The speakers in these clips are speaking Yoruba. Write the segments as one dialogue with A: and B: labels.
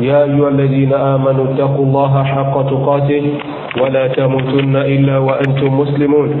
A: يا أيها الذين آمنوا اتقوا الله حق تقاته ولا تموتن إلا وأنتم مسلمون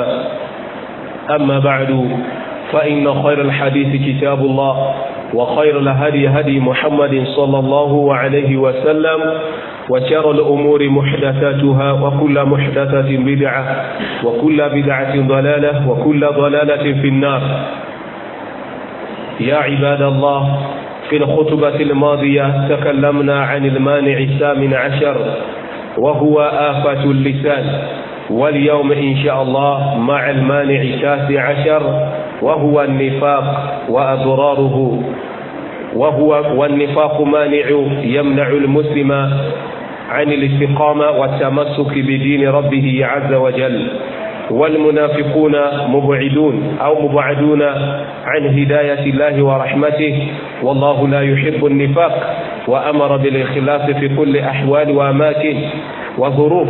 A: أما بعد فإن خير الحديث كتاب الله وخير الهدي هدي محمد صلى الله عليه وسلم وشر الأمور محدثاتها وكل محدثة بدعة وكل بدعة ضلالة وكل ضلالة في النار يا عباد الله في الخطبة الماضية تكلمنا عن المانع الثامن عشر وهو آفة اللسان واليوم إن شاء الله مع المانع التاسع عشر وهو النفاق وأضراره وهو والنفاق مانع يمنع المسلم عن الاستقامة والتمسك بدين ربه عز وجل والمنافقون مبعدون أو مبعدون عن هداية الله ورحمته والله لا يحب النفاق وأمر بالإخلاص في كل أحوال وأماكن وظروف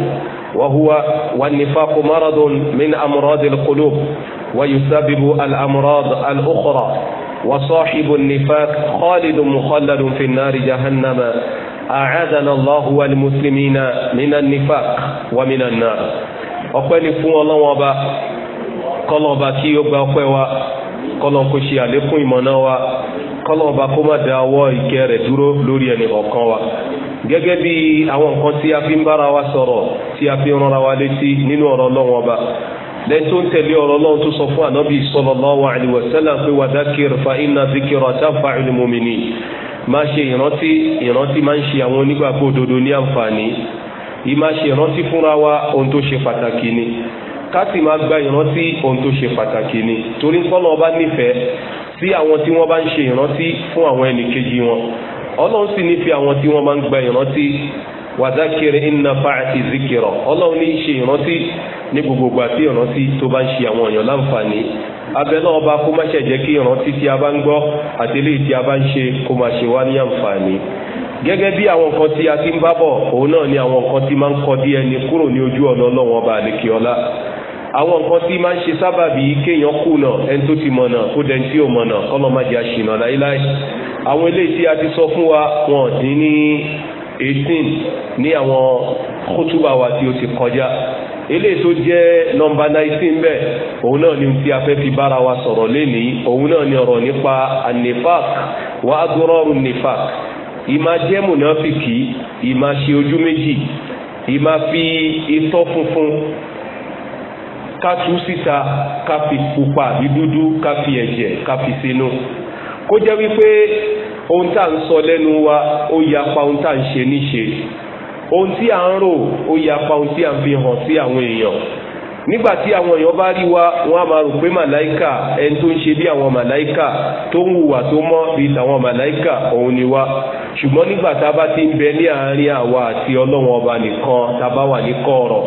A: وهو والنفاق مرض من أمراض القلوب ويسبب الأمراض الأخرى وصاحب النفاق خالد مخلد في النار جهنم أعاذنا الله والمسلمين من النفاق ومن النار أقول فو الله وبا ọba kọ́lọ́ọ̀ba أقوى ó gba ọpẹ́ wa kọ́lọ́ọ̀bá kó má da ọwọ́ ìkẹ́ rẹ̀ dúró lórí ẹnì kọ̀ọ̀kan wa gẹ́gẹ́ bí àwọn nǹkan tí a fi ń bára wa sọ̀rọ̀ tí a fi ń rọra wa létí nínú ọ̀rọ̀ ọlọ́run ọba lẹ́yìn tó ń tẹ̀lé ọ̀rọ̀ ọlọ́run tó sọ fún ànábì sallallahu alaihi wasallam pé wadhakir fa inna dhikra tanfa'ul mu'minin máa ṣe ìrántí ìrántí máa ń ṣe àwọn onígbàgbọ́ òdodo ní àǹfààní yìí máa ṣe ìrántí fúnra wa ohun tó ṣe pàtàkì ni ká sì máa gba ìrántí ohun tó ṣe pàtàkì ni torí ń ọba nífẹ̀ẹ́ sí àwọn tí wọ́n bá ń ṣe ìrántí fún àwọn ẹnì wọn ọlọ́run sì nífẹ̀ẹ́ àwọn tí wọ́n bá ń gba ìrántí wàdákìrì iná fàáti zikirọ̀ ọlọ́run ní ṣe ìrántí ní gbogbogbò àti ìrántí tó bá ń ṣe àwọn èèyàn láǹfààní abẹ náà bá kó má kí ìrántí a bá ń gbọ́ àti tí a bá ń ṣe kó má ṣe wá ní àǹfààní gẹ́gẹ́ bí àwọn a ti ń bá bọ̀ òun náà ni àwọn nǹkan ti máa ń kọ kúrò ní ojú ọ̀nà àwọn nǹkan tí máa ń ṣe sábàbí kéèyàn kùnà ẹni tó ti mọ̀nà kó dẹni tí ò mọ̀nà kọ́nà má jẹ́ àṣìnà láíláí àwọn eléyìí tí a ti sọ fún wa wọn dín ní eighteen ní àwọn kótúbà wa tí ó ti kọjá eléyìí tó jẹ́ nọ́mbà nineteen bẹ́ẹ̀ òun náà ni tí a fẹ́ fi bára wa sọ̀rọ̀ lénìí òun náà ni ọ̀rọ̀ nípa anifak wa adúrọ́rù nifak ìmá jẹ́ mùnáfìkì ìmá ṣe ojú méjì ìmá fi itọ́ funfun ká tú síta ká fi pupa àbí dúdú ká fi ẹ̀jẹ̀ ká fi sínú kó jẹ́ wípé ohun tá ń sọ lẹ́nu wa ó yapa ohun tá ń ṣe níṣe ohun tí à ń rò ó yapa ohun tí à ń fi hàn sí àwọn èèyàn nígbà tí àwọn èèyàn bá rí wa wọn a máa rò pé màláìkà ẹni tó ń ṣe bí àwọn màláìkà tó ń hùwà tó mọ́ bí tàwọn màláìkà òun ni wa ṣùgbọ́n nígbà tá a bá ti ń bẹ ní àárín àwa àti ọlọ́run ọba nìkan tá a bá wà ní kọ̀ọ̀rọ̀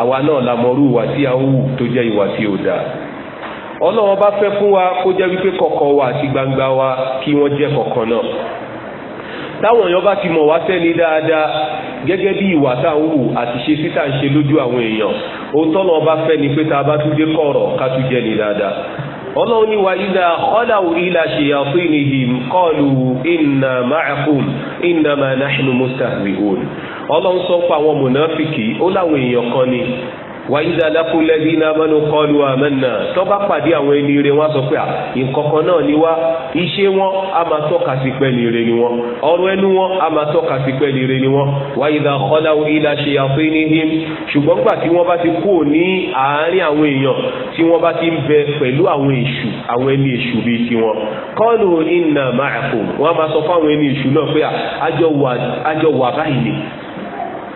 A: àwa náà la mọrú ìwà tí a ń wù tó jẹ́ ìwà tí ò dáa ọlọ́run ọba fẹ́ fún wa kó jẹ́ wípé kọ̀kọ̀ wa àti gbangba wa kí wọ́n jẹ́ kọ̀kan náà táwọn èèyàn bá ti mọ̀ wá sẹ́ni dáadáa gẹ́gẹ́ bí ìwà tá à ń wù àti ṣe sí tá à ń ṣe lójú àwọn èèyàn òótọ́ náà ọlọ́run ní wa ìdá khalau ila shayatinihim qalu inna ma'akum innama nahnu mustahzi'un ọlọ́run sọ pé àwọn mùnàfìkì ó láwọn èèyàn kan ni wa idha laqu alladhina amanu qalu amanna tó bá pàdé àwọn ẹni rẹ̀ wọ́n sọ pé à nǹkankan náà ni wá iṣẹ́ wọn a máa tọ́ka sí pé ẹni rẹ̀ ni wọ́n ọ̀rọ̀ ẹnu wọn a máa tọ́ka sí pé ẹni rẹ̀ ni wọ́n wa idha khalau ila shayatinihim ṣùgbọ́n gbà tí wọ́n bá ti kú ní àárín àwọn èèyàn tí wọ́n bá ti ń bẹ pẹ̀lú àwọn èṣù àwọn ẹni èṣù bíi tiwọn qalu inna ma'akum wọ́n a máa sọ fáwọn ẹni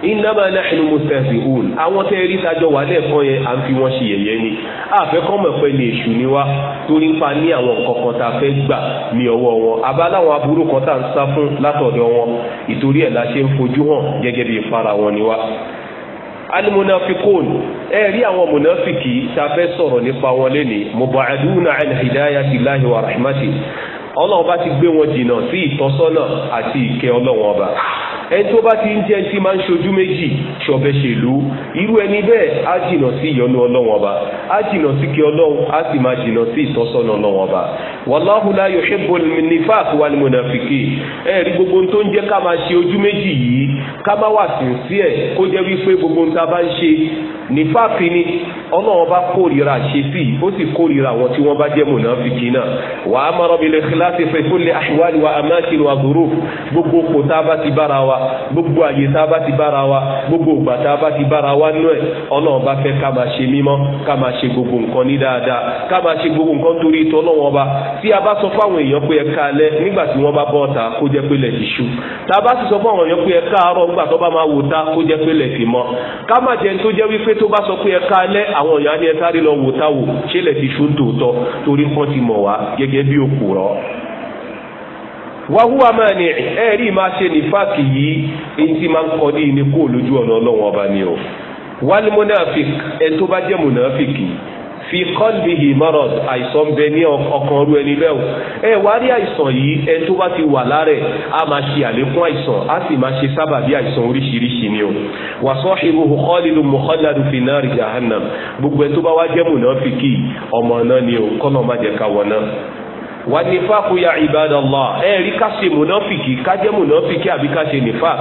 A: innama nahnu mustahzi'un àwọn tẹ́ rí tajọ wà lẹ́ẹ̀kan yẹn à ń fi wọ́n ṣe yẹ̀yẹ́ ni àfẹ́kọ́mọ̀ pẹ̀lú èṣù ni wá torí ń pa ní àwọn kọ̀ọ̀kan tá a fẹ́ gbà ní ọwọ́ wọn abáláwọn aburú kan tá à ń sá fún látọ̀dọ̀ wọn ìtorí ẹ̀ la ṣe ń fojú hàn gẹ́gẹ́ bí ìfara wọn ni wá almunafikun ẹ rí àwọn munafiki tá a fẹ́ sọ̀rọ̀ nípa wọn lẹ́ni mubaduna an hidayati lahi wa rahmati ọlọ́run bá ti gbé wọn jìnnà sí ìtọ́sọ́nà àti ìkẹ́ ọlọ́run ọba ẹni tó bá ti ń jẹ́ tí máa ń ṣojú méjì ṣọ̀bẹ ṣèlú irú ẹni bẹ́ẹ̀ á jìnnà sí ìyọnu ọlọ́run ọba á jìnnà sí kí ọlọ́run á sì máa jìnnà sí ìtọ́sọ́nà ọlọ́run ọba wàláhù la yuhibbu nifaq wal munafiki ẹ̀rí gbogbo tó ń jẹ́ ká máa ṣe ojú méjì yìí ká má wà sí sí ẹ̀ kó jẹ́ wípé gbogbo tá bá ń ṣe nifaq ni ọlọ́run bá kórìíra ṣe sí i ó sì kórìíra àwọn tí wọ́n bá jẹ́ mùnàfíkì náà wà á mọ̀rọ̀ mi lè kíláàsì fẹ́ tó lè àṣìwádìí wa amáṣin wa gòrò gbogbo kò tá a bá ti bára wa gbogbo àyè tá a bá ti bára wa gbogbo ògbà tá a bá ti bára wa nú ẹ̀ ọlọ́run bá fẹ́ ká máa ṣe mímọ́ ká máa ṣe gbogbo nǹkan ní dáadáa ká máa ṣe gbogbo nǹkan torí ìtọ́ ọlọ́run ọba tí a bá sọ fáwọn èèyàn pé ẹ káalẹ́ nígbà tí wọ́n bá bọ́ ọ̀tá kó jẹ́ a bá sọ fáwọn èèyàn pé ẹ àwọn èèyàn ní ẹ sáré lọ wò táwò ṣé lè ti ṣó tòótọ́ torí kán ti mọ̀ wá gẹ́gẹ́ bí òkùrọ́ wàhùwà máa ní ẹ̀rí máa ṣe ní fáàkì yìí èyí tí máa ń kọ́ ní ní kó lójú ọ̀nà ọlọ́wọ́n ọba ni o wàlímọ́nàfík ẹ̀ tó bá jẹ́ mọ̀nàfík yìí fi kọ́lbìhì marad àìsàn bẹ ọkàn ọrú ẹni bẹ́ẹ̀ o ẹ wá rí àìsàn yìí ẹ tó bá ti wà lára a máa ṣe àlékún àìsàn a sì máa ṣe sábàbí àìsàn oríṣiríṣi ni o wà sahibuhu khalidun mukhalladun fi nari jahannam gbogbo ẹ tó bá wá jẹ́ mùnà fi kí ọmọ náà ni o kọ́nà má jẹ́ ká wọ̀ náà wà nífàkù ya ibadallah ẹ rí ká ṣe mùnáfìkì ká jẹ́ mùnáfìkì àbí ká ṣe nífàk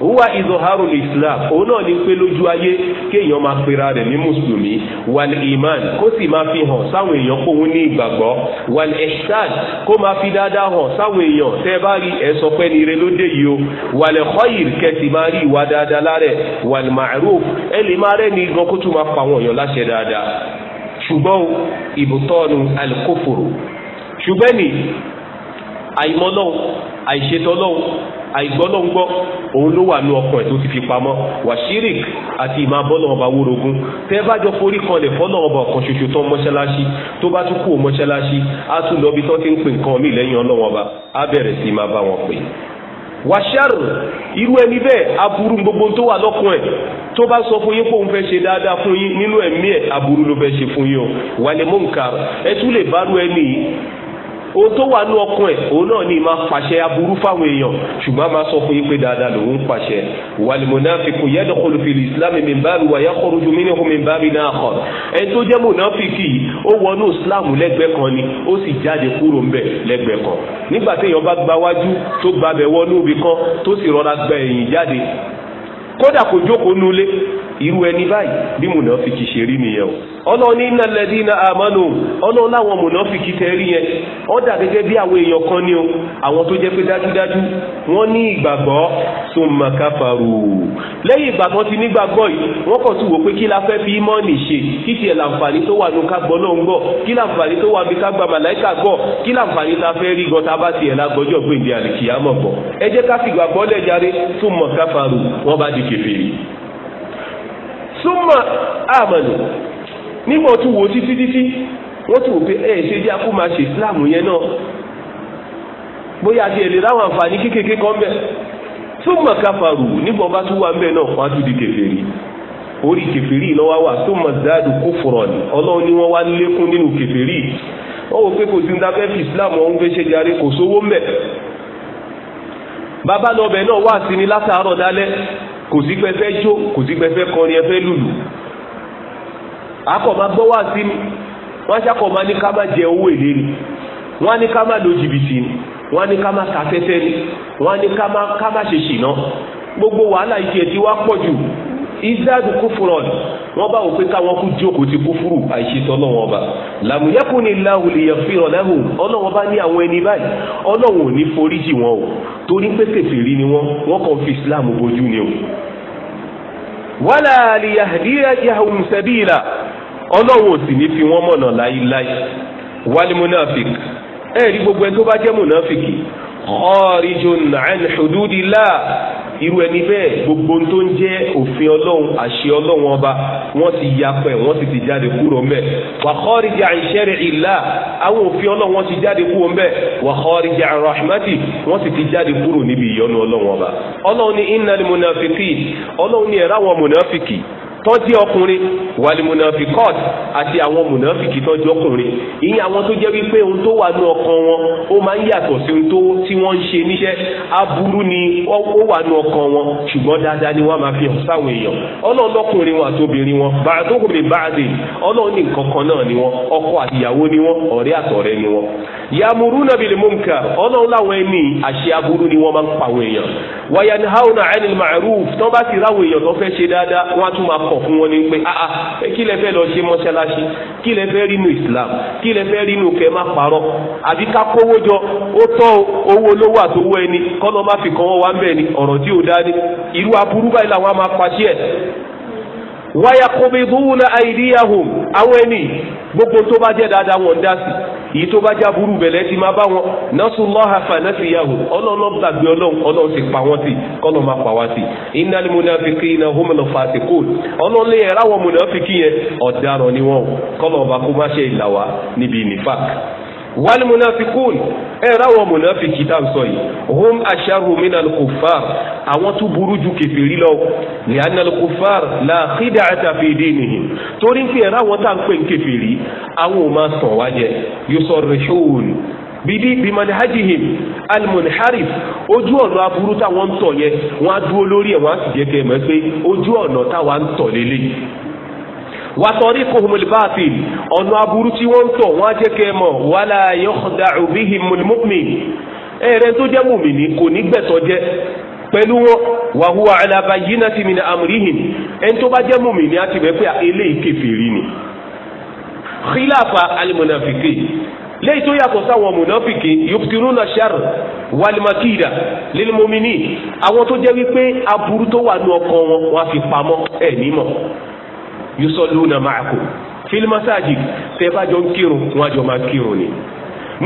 A: wúwa ìzọ̀hárùn islam òun náà ní pé lójú ayé kéèyàn máa pera rẹ̀ ní mùsùlùmí wal iman kó sì máa fi hàn sáwọn èèyàn kó òun ní ìgbàgbọ́ wal ihsan kó máa fi dáadáa hàn sáwọn èèyàn tẹ́ bá rí ẹ̀sọ́ pẹ́ ní lóde yìí o wal khoyir kẹ́sì máa rí ìwà dáadáa lárẹ̀ wal ma'ruf ẹ lè máa rẹ́ni gan kó tún máa pa àwọn èèyàn láṣẹ dáadáa ṣùgbọ́n ibùtọ́nu alikófòrò ṣùgbọ́n ní àìmọ́lọ́hún àìṣetọ́lọ́hún àìgbọ́lọ́ngbọ́ òun ló wà ní ọkàn ẹ̀ tó ti fi pamọ́ wàṣírík àti ìmá bọ́lọ̀ ọba wórogún tẹ́ bá jọ forí kanlẹ̀ fọ́lọ̀ ọba ọ̀kan ṣoṣo tán mọ́ṣáláṣí tó bá tún kú mọ́ṣáláṣí á tún lọ bí tán ti ń pè nǹkan mí lẹ́yìn ọlọ́wọ́n á bẹ̀rẹ̀ sí máa bá wọn pè wàṣàrù irú ẹni bẹ́ẹ̀ aburú gbogbo tó wà lọ́kùn ẹ̀ tó bá sọ fún yín pé òun fẹ́ ṣe dáadáa fún yín nínú ẹ̀mí ẹ̀ aburú ló fẹ́ ṣe fún yín o wàlẹ̀ mọ́ǹkà ẹ tún lè bá rú ẹni ohun tó wà ní ọkàn ẹ̀ òun náà ni máa pàṣẹ aburú fáwọn èèyàn ṣùgbọ́n a máa sọ fún yín pé dáadáa lòun ń pàṣẹ. wàlmùnáfikù yẹ́dọ̀kọlù fìlì ìsìlámù min báàbí wàyà kọ́rọ́jú mínú min báàbí náà kọ̀. ẹni tó jẹ́ mùnáfikì ó wọnú ìsìlámù lẹ́gbẹ̀ẹ́ kan ni ó sì jáde kúrò ńbẹ̀ lẹ́gbẹ̀ẹ́ kan. nígbà téèyàn bá gba wájú tó gbabẹ̀ wọnú ibì kan tó sì rọra gba ẹ̀yìn jáde kódà kò jókòó nulẹ̀ irú ẹni báyìí bí mùnáfikì ṣe rí nìyẹn o ọlọ́run ní iná lẹ́dí iná àmọ́nù ọlọ́run láwọn mùnáfìkì tẹ́ rí yẹn ó dà gẹ́gẹ́ bí àwọn èèyàn kan ní o àwọn tó jẹ́ pé dájúdájú wọ́n ní ìgbàgbọ́ summa kafaru lẹ́yìn ìgbà tó ti nígbàgbọ́ yìí wọ́n kàn tún wò pé kí la fẹ́ fi ímọ́ọ̀nì ṣe kí tiẹ̀ láǹfààní tó wà nù ká gbọ́ náà ń gbọ́ kí láǹfààní tó wà bí ká màláìkà gbọ́ kí láǹfààní ta fẹ́ rí gan ta bá tiẹ̀ lágbọ́jọ́ gbèǹde àlìkìyàmọ̀ gbọ́ ẹ jẹ́ ká fìgbàgbọ́ lẹ̀ járe summa kafaru wọ́n bá di kèfèrí súnmọ́ àmàlù nígbà tó wò títí títí wọ́n tún wò pé ẹ̀ ṣe jẹ́ kó máa ṣe islam yẹn náà bóyá àti ẹ̀lẹ́ láwọn àǹfààní kékeré kan bẹ̀ súnmọ̀ káfàrù nígbà ọba tó wà bẹ́ẹ̀ náà wọ́n di kèfèrí orí kèfèrí lọ́wọ́ wà súnmọ̀ záàdù kufran ni ọlọ́run ni wọ́n wá lékún nínú kèfèrí wọ́n wò pé kò sí nígbà fẹ́ẹ́ fi islam ọ̀hún fẹ́ ṣe jàre kò sówó mbẹ̀ bàbá lọ́bẹ̀ náà wà sí ni látàárọ̀ dálẹ́ kò sí pẹ́ fẹ́ jó kò sí pẹ́ fẹ́ kọrin ẹ fẹ́ lùlù akọ̀ máa gbọ́ wá sí ni wọ́n ṣàkọ̀ máa ní ká má jẹ owó èlé ni wọ́n á ní ká má lo jìbìtì ni wọ́n á ní ká má ta tẹ́tẹ́ ni wọ́n á ní ká má ká má ṣe ṣìnà gbogbo wàhálà ìṣe ti wá pọ̀ jù israẹli kúfúrọ̀n wọ́n bá wò pé káwọn kú jókòó ti kúfúrù àìṣètò ọlọ́wọ́n ọba làmúyẹ́kùn ní láhùn lè yẹ̀fìràn láhùn ọlọ́wọ́n bá ní àwọn ẹni báyìí ọlọ́wọ́n ò ní foríjì wọn o torí pé kèfèrí ni wọ́n wọ́n kàn fi islam bojú ni o. wàhálà àlìyàhùn sẹ́bìlà ọlọ́run ò sì ní fi wọ́n mọ̀nà láíláí wal munafik ẹ rí gbogbo ẹni tó bá jẹ́ munafiki kharijun an hududillah irú ẹni bẹ́ẹ̀ gbogbo tó ń jẹ́ òfin ọlọ́run àṣẹ ọlọ́run ọba wọ́n ti yapẹ̀ wọ́n sì ti jáde kúrò mbẹ̀ wa kharija an shar'illah àwọn òfin ọlọ́run wọ́n ti jáde kúrò mbẹ̀ wa kharija an rahmati wọ́n sì ti jáde kúrò níbi ìyọ́nú ọlọ́run ọba ọlọ́run ní innal munafiqin ọlọ́run ní ẹ̀rọ àwọn munafiki tọ́jú ọkùnrin wàlí munafikọ́t àti àwọn munafiki tọ́jú ọkùnrin ìyẹn àwọn tó jẹ́ wípé ohun tó wà ní ọkàn wọn ó máa ń yàtọ̀ sí ohun tó tí wọ́n ń ṣe níṣẹ́ aburú ni ó wà ní ọkàn wọn ṣùgbọ́n dáadáa ni wọ́n máa fi hàn sáwọn èèyàn ọlọ́run lọ́kùnrin wọn àtòbìnrin wọn bàdókùn mi báàdì ọlọ́run ní nǹkan kan náà ni wọn ọkọ àtìyàwó ni wọn ọ̀rẹ́ àtọ̀rẹ́ ni wọn. yàmùrú nàbí lè mú nǹkan ọlọ́run láwọn ẹni àṣẹ aburú ni wọ́n máa ń pa àwọn èèyàn wàyàn haúnà ẹni màrúf tó bá ti ráwọn kọ̀ fún wọn ni pé ah, ah ẹ kí lẹ fẹ́ lọ ṣe mọ́ṣáláṣí kí lẹ fẹ́ rí nu islam kí lẹ fẹ́ rí nu kẹ́ má parọ́ àbí ká kówó jọ ó tọ́ owó olówó àtowó ẹni kọ́nà má fi kàn wọ́n wá ń bẹ̀ ni ọ̀rọ̀ tí ò dá ní irú aburú báyìí làwọn á máa pàṣẹ wáyà kọ́mídùn àìdíyàhùn àwọn ẹni gbogbo tó bá jẹ́ dáadáa wọn dá sí èyí tó bá já burú bẹ̀lẹ̀ ti máa bá wọn nasullaha fanasiyahum ọlọ́ọ̀lọ́ gbàgbé ọlọ́run ọlọ́run ti pa wọ́n sí kọ́lọ́ máa pa wá sí innal munafiqina humul fasiqun ọlọ́run lè yẹra wọn múnafíkì yẹn ọ̀daràn ni wọn kọ́lọ́ ọba kó má ṣe ìlà wá níbi nifaq wal munafikun ẹ ráwọn munafiki tá à ń sọ yìí hum asharu minal kufar àwọn tó burú ju kèfèrí lọ li'annal kufar la khida'ata fi dinihim torí pé ẹ ráwọn tá à ń pè ń kèfèrí àwọn ò máa sàn wájẹ yusarrihun bidi bimanhajihim almunharif ojú ọ̀nà aburú táwọn ń tọ̀ yẹn wọ́n á dúró lórí ẹ̀ wọ́n á sì pé ojú ọ̀nà táwọn ń tọ̀ lélẹ́yìí wàtọ́rí kohomoli báàfin ọ̀nà aburú tí wọ́n ń tọ̀ wọ́n á jẹ́ kẹ́ mọ̀ wàlá yọ̀ọ̀dà òbíhi mọ̀lmọ́mì ẹ̀rẹ́ tó jẹ́ mùmìnì kò ní gbẹ̀tọ̀ jẹ́ pẹ̀lú wọn wàhùwà àlàbà yìí náà ti mìíràn àmúríhìn ẹni tó bá jẹ́ mùmìnì á ti bẹ̀ pé eléyìí kèfèrí ni khilafa alimunafiki léyìí tó yàtọ̀ sáwọn munafiki yubtiruna shar walimakida lilmumini àwọn tó jẹ́ wípé aburú tó wà ní ọkàn wọn wọn á fi pamọ́ ẹ̀ nímọ̀ yusalluna ma'akum fil masajid tẹ́ bá jọ ń kírun wọ́n á jọ máa kírun ni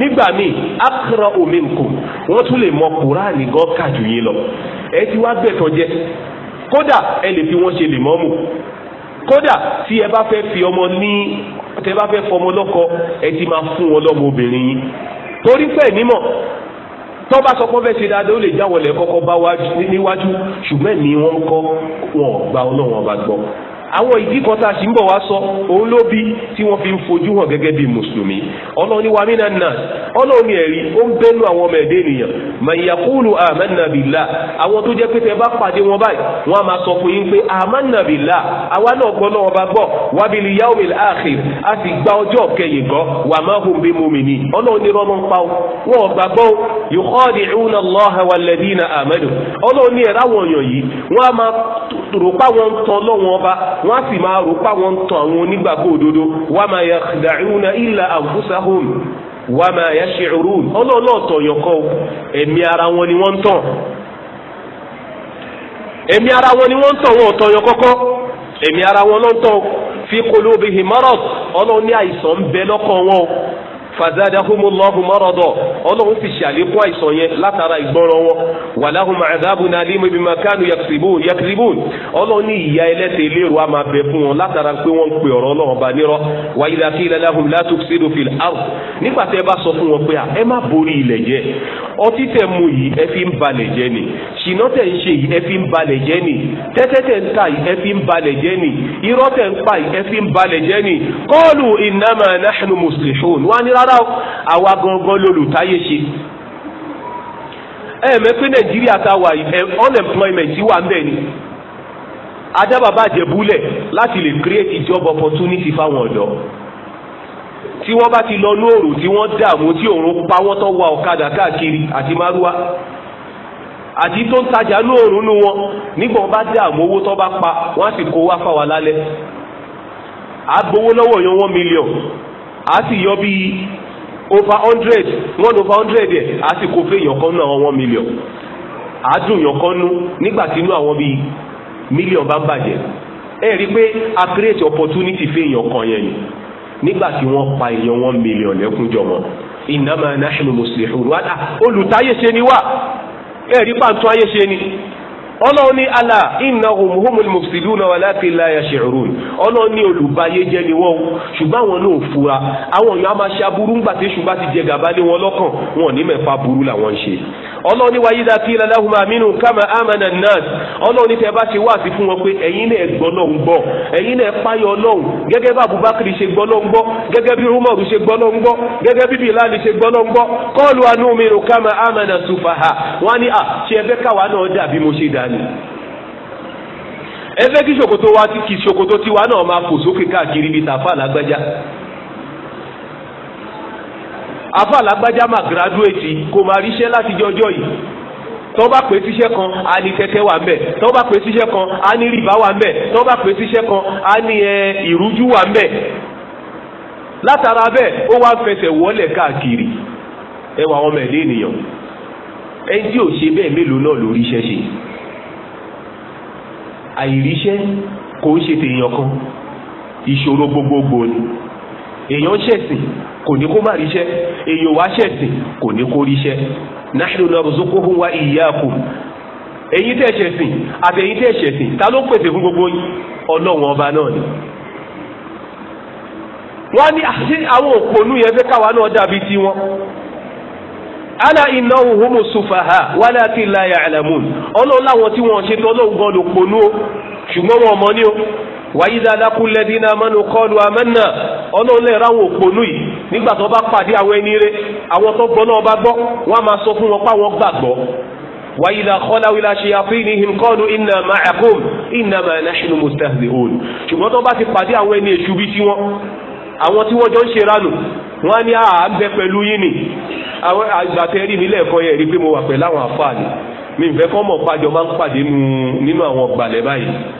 A: nígbà míì akra'u minkum wọ́n tún lè mọ kúránì gan kàjù yín lọ ẹ ti wá gbẹ̀tọ̀ jẹ kódà ẹ lè fi wọ́n ṣe lè mọ́mù kódà tí ẹ bá fẹ́ fi ọmọ ní tẹ́ bá fẹ́ fọmọ lọ́kọ ẹ ti máa fún wọn lọ́mọ obìnrin yín torí fẹ́ nímọ̀ tó bá sọ pé fẹ́ ṣe dáadáa ó lè jáwọ́ lẹ̀ kọ́kọ́ bá níwájú ṣùgbọ́n ẹ̀mí wọn kọ́ wọn gbà ọlọ́run ọba gbọ́ àwọn ìdí kan tá a sì ń bọ̀ wá sọ òun ló bí tí wọ́n fi ń fojú hàn gẹ́gẹ́ bí mùsùlùmí ọlọ́run ní wàmínà náà ọlọ́run ní ẹ̀rí ó ń bẹ́nu àwọn ọmọ ẹ̀dẹ́ ènìyàn mayakulu amánàbìlá àwọn tó jẹ́ pé tẹ bá pàdé wọn báyìí wọ́n á máa sọ fún yín pé amánàbìlá àwa náà gbọ́ náà ọba gbọ́ wabili yaumil akhir a sì gba ọjọ́ kẹyìn gbọ́ wà má hùn bí mumini ọlọ́run ní ọlọ́run ní ẹ̀rá rò pa wọn ń tan lọ́wọ́n ọba wọ́n á sì máa rò pa wọn ń àwọn onígbàgbọ́ òdodo wa ma yakhda'una ma ọlọ́ọ̀lọ́ ẹ̀mí ara wọn ni wọ́n ẹ̀mí ara wọn ni wọ́n ń tàn wọn ọ̀tọ̀yàn kọ́kọ́ ẹ̀mí ara wọn ló fi qulubihim marad ọlọ́ọ̀ ní àìsàn ń bẹ fazadahumullahu marada ọlọ́run sì ṣàlékún àìsàn yẹn látara ìgbọràn wọn wàláhùn àdábùn alim bima kanu yaksibun yaksibun ọlọ́run ní ìyà ẹlẹ́tẹ̀ lérò a máa bẹ fún wọn látara pé wọ́n ń pe ọ̀rọ̀ ọlọ́run bá nírọ́ wa idha qila lahum la tufsidu nígbà tẹ́ ẹ bá sọ fún wọn pé ẹ má borí ilẹ̀ jẹ́ ọtí tẹ́ mu yìí ẹ fi ń balẹ̀ jẹ́ ni ṣìnà tẹ́ ń ṣe yìí ẹ fi ń balẹ̀ jẹ́ ni tẹ́tẹ́ tẹ́ ń ta yìí ẹ fi ń balẹ̀ jẹ́ ni irọ́ tẹ́ ń pa yìí ẹ fi ń balẹ̀ jẹ́ ni qalu innama nahnu muslihun wọ́n á ní rárá rárá o àwa gangan lolùtáyé ṣe ẹ mẹ́ pé nàìjíríà ta wà unemployment wà ń bẹ̀ ni adábàbà jẹ̀búlẹ̀ láti lè create job opportunity fáwọn ọ̀dọ́ tí wọ́n bá ti lọ ní òòrùn tí wọ́n dààmú tí òòrùn pa wọ́n tó wa ọ̀kadà káàkiri àti márúwá àti tó ń tajà ní òòrùn nu wọn nígbà wọ́n bá dààmú owó tó bá pa wọ́n á sì kó wá fáwa lálẹ́ àgbowó lọ́wọ́ yan one million a sì yọ bí over hundred one over hundred yẹ a sì kó fún èèyàn kan nú one million a dùn èèyàn kan nú nígbà tí inú àwọn bíi million bá ń bàjẹ́ ẹ rí i pé a create opportunity fún èèyàn kan yẹn ni nígbà tí wọ́n pa èèyàn one million lẹ́kún jọmọ́ ìnáma nahnu muslihun wá olùtayé ṣe ni wá ẹ rí i pàǹtó ayé ṣe ni ọlọ́run ní ala innahum humul mufsiduna walakin la yash'urun ọlọ́run ní olùbáyéjẹ́ ni wọ́n ṣùgbọ́n àwọn náà fura àwọn èèyàn á máa ṣe aburú ńgbà tí ṣùgbọ́n ti jẹ gàba ní wọn lọ́kàn wọn ò ní mẹ́fà burú làwọn ń ṣe ọlọ́run ní wa yídà kí ilẹ̀ láhùn mínú káma amana nas ọlọ́run ní bá ṣe wá sí fún wọn pé ẹ̀yin náà gbọ́ lọ́hùn gbọ́ ẹ̀yin náà páyọ̀ ọlọ́hùn gẹ́gẹ́ bí Abubakar ṣe gbọ́ lọ́hùn gbọ́ gẹ́gẹ́ bí Umar ṣe gbọ́ lọ́hùn gbọ́ gẹ́gẹ́ bí ṣe gbọ́ lọ́hùn gbọ́ kọ́ọ̀lù amana sufaha wọn ṣe káwa náà wa ṣòkòtò tiwa náà máa sókè káàkiri bíi afa alágbájá máa graduate kò máa ríṣẹ́ látijọ́ ọjọ́ yìí tọ́ bá pè síṣẹ́ kan á ní tẹ́tẹ́ wà ńbẹ̀ tọ́ bá pè síṣẹ́ kan á ní rìbá wà ńbẹ̀ tọ́ bá pè síṣẹ́ kan á ní ẹ ìrújú wà ńbẹ̀ látara bẹ́ẹ̀ ó wá fẹsẹ̀ wọlé káàkiri ẹ wà ọmọ ẹ̀dẹ́ ènìyàn ẹni tí ò ṣe bẹ́ẹ̀ mélòó náà lórí iṣẹ́ ṣe àìríṣẹ́ kò ń ṣe tèèyàn kan ìṣòro gbogbogbò ni èèyàn ṣẹ̀sìn kò ní kó má ríṣẹ́ èyàn wá ṣẹ̀sìn kò ní kó ríṣẹ́ nahnu narzuquhum wa iyyakum ẹ̀yin tẹ́ ṣẹ̀sìn àtẹ̀yin tẹ́ ṣẹ̀sìn ta ló pèsè fún gbogbo yín ọlọ́wọ́n ọba náà ni. wọ́n ní àti ah, àwọn òpònú yẹn fẹ́ káwa náà dàbí tiwọn ala ìnáwó homo sufaha walakin la ya'lamun ọlọ́run láwọn tí wọ́n ṣe tọ́lọ́ gan ló ponú o ṣùgbọ́n wọn ọmọ ní o wàyídà alákùnlẹ́dínà amánu kọ́ọ̀lù amánà ọlọ́run lè ráwọn òpònú yìí nígbà tó bá pàdé àwọn ẹni rẹ àwọn tó gbọ́ náà bá gbọ́ wọ́n á máa sọ fún wọn pé àwọn gbàgbọ́ wàyídà kọ́láwìlà ṣe àfihàn ìhìn kọ́ọ̀lù iná ma'akum iná máa náṣínú mustahzi òòlù ṣùgbọ́n tó bá ti pàdé àwọn ẹni èṣù bí tiwọn àwọn tí wọ́n jọ ń ṣe ránù wọ́n á ní ń bẹ pẹ̀lú yín ni àwọn àgbàtẹ́rì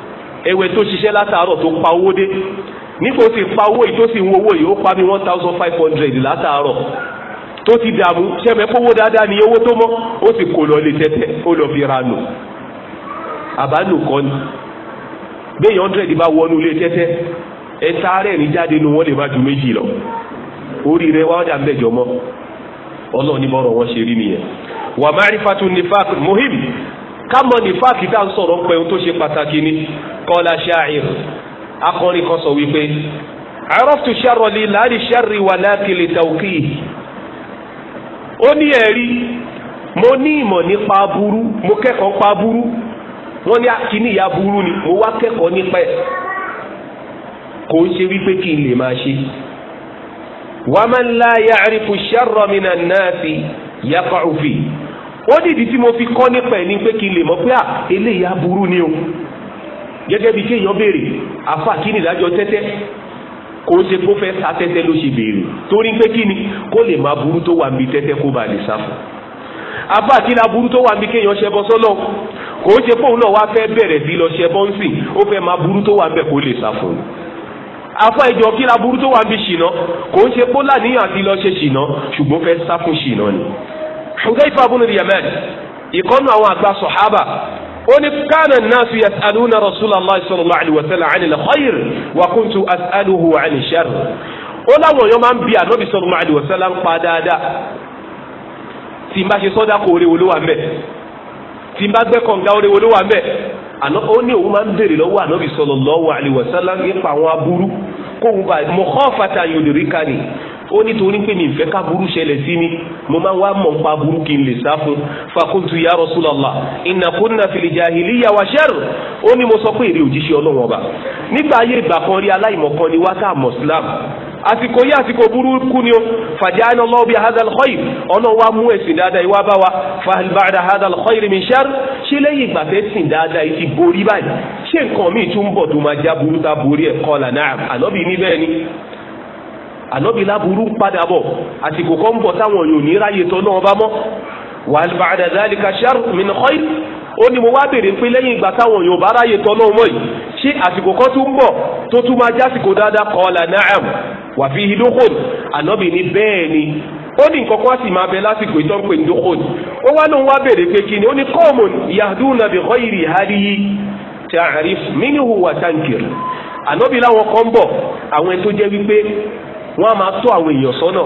A: ewé tó ṣiṣẹ́ látàárọ̀ tó pa owó dé nípò sì pa owó yìí tó sì ń wo owó yìí ó pa bí one thousand five hundred látàárọ̀ tó ti dààmú sẹ́mẹ̀kówó dáadáa ni owó tó mọ́ ó sì kò lọ lè tẹ́tẹ́ ó lọ fi ra nù àbánù kan ni béèyàn hundred bá wọnú ilé tẹ́tẹ́ ẹ taarẹ̀ ní jáde nu wọ́n lè má ju méjì lọ orí rẹ wá dà mẹ́jọ mọ́ ọlọ́ọ̀ni bọ́rọ̀ wọn ṣe rí nìyẹn wà má rí fatu nifak muhim ká mọ nifak tá à ń sọ̀rọ̀ ń pẹ́ ohun tó ṣe pàtàkì ni kọ́lá ṣáàir akọrin kan sọ wípé arọ́fù ṣàròlì láàrin ṣàrì wà lákìlì tàùkì ó ní ẹ̀rí mo ní ìmọ̀ nípa burú mo kẹ́kọ̀ọ́ pa burú wọ́n ní kíní ìyá burú ni mo wá kẹ́kọ̀ọ́ nípa ẹ̀ kò ń ṣe wípé kí n lè máa ṣe wàmán láyà àrífù ṣàrọ̀ mi nà náà sí yàkọ̀ òfin ó dìdí tí mo fi kọ́ nípa ẹ̀ ni pé kí n lè mọ̀ pé à eléyà burú ni o gẹ́gẹ́ bí kéèyàn béèrè àfà kí nìdájọ́ tẹ́tẹ́ kò ń ṣe kó fẹ́ sá tẹ́tẹ́ ló ṣe béèrè torí pé kí ni kó lè máa burú tó wà níbi tẹ́tẹ́ kó bá lè sá fún àfà kí la burú tó wà níbi kéèyàn ṣẹbọ sọ́lọ́ kò ń ṣe kóun náà wá fẹ́ bẹ̀rẹ̀ sí lọ ṣẹbọ ń sìn ó fẹ́ máa burú tó wà níbẹ̀ kó lè sá fún un afọ ìjọ kí la burú tó wà bí ṣìnà kò ń ṣe pólà níyàn àti lọ ṣe ṣìnà ṣùgbọ́n fẹ́ sá fún ó ní kánà náà fi as'aluna rasulallahi sallallahu alaihi wa sallam anil khayr wa kuntu as'aluhu anil sharr ó láwọn èèyàn máa ń bi ànábì sallallahu alaihi wa sallam ń pa dáadáa tí n bá ṣe sọ́dá kó orí olówó àmẹ́ tí n bá gbẹ́ kọ̀ǹga orí olówó àmẹ́ ó ní òun máa ń béèrè lọ́wọ́ ànábì sallallahu alaihi wa sallam nípa àwọn aburú kóhun bá mọ̀kọ́ fata yòlè rí ó nítorí pé mi ìfẹ́ ká burú ṣẹlẹ̀ sí mi mo máa wá mọ̀ nípa burú kí n lè sá fún fakultu ya rasulallah inna kunna fil jahiliya wa sharr ó ní mo sọ pé èrè òjíṣẹ́ ọlọ́wọ́n ọba nígbà ayé ìgbà kan rí aláìmọ̀kan ni wá tá mọ̀sílám àsìkò yí àsìkò burúkú ni o fàjáàná lọ́wọ́ bíi hadal khoyi ọlọ́run wa mú ẹ̀sìn dáadáa ìwà bá wa fàlbàdà hadal khoyi min sharr ṣé lẹ́yìn ìgbà tẹ́ sìn dáadáa yìí ti borí báyìí ṣé nǹkan míì tún tó máa já burú borí ẹ̀ kọ́ là náà ní bẹ́ẹ̀ ni ànábì láburú padà bọ̀ àsìkò kan bọ̀ táwọn yòó ní ráyè tọ́ náà bá mọ́ wal ba'da dhalika sharrun min khayr ó ní mo wá béèrè pé lẹ́yìn ìgbà táwọn yòó bá ráyè tọ́ náà mọ́ yìí ṣé àsìkò kan tún bọ̀ tó tún máa jásìkò dáadáa qala na'am wa fihi dukhul ànábì ní bẹ́ẹ̀ ni ó ní nǹkan kan sì máa bẹ lásìkò ìtọ́ ń pè ní dókòdì ó wá lóun wá béèrè pé kí ni ó ní qawmun yahduna bi ghayri hadiyi ta'rif minhu wa tankir ànábì láwọn kan bọ̀ àwọn wọ́n á máa tó àwọn èèyàn sọ́nà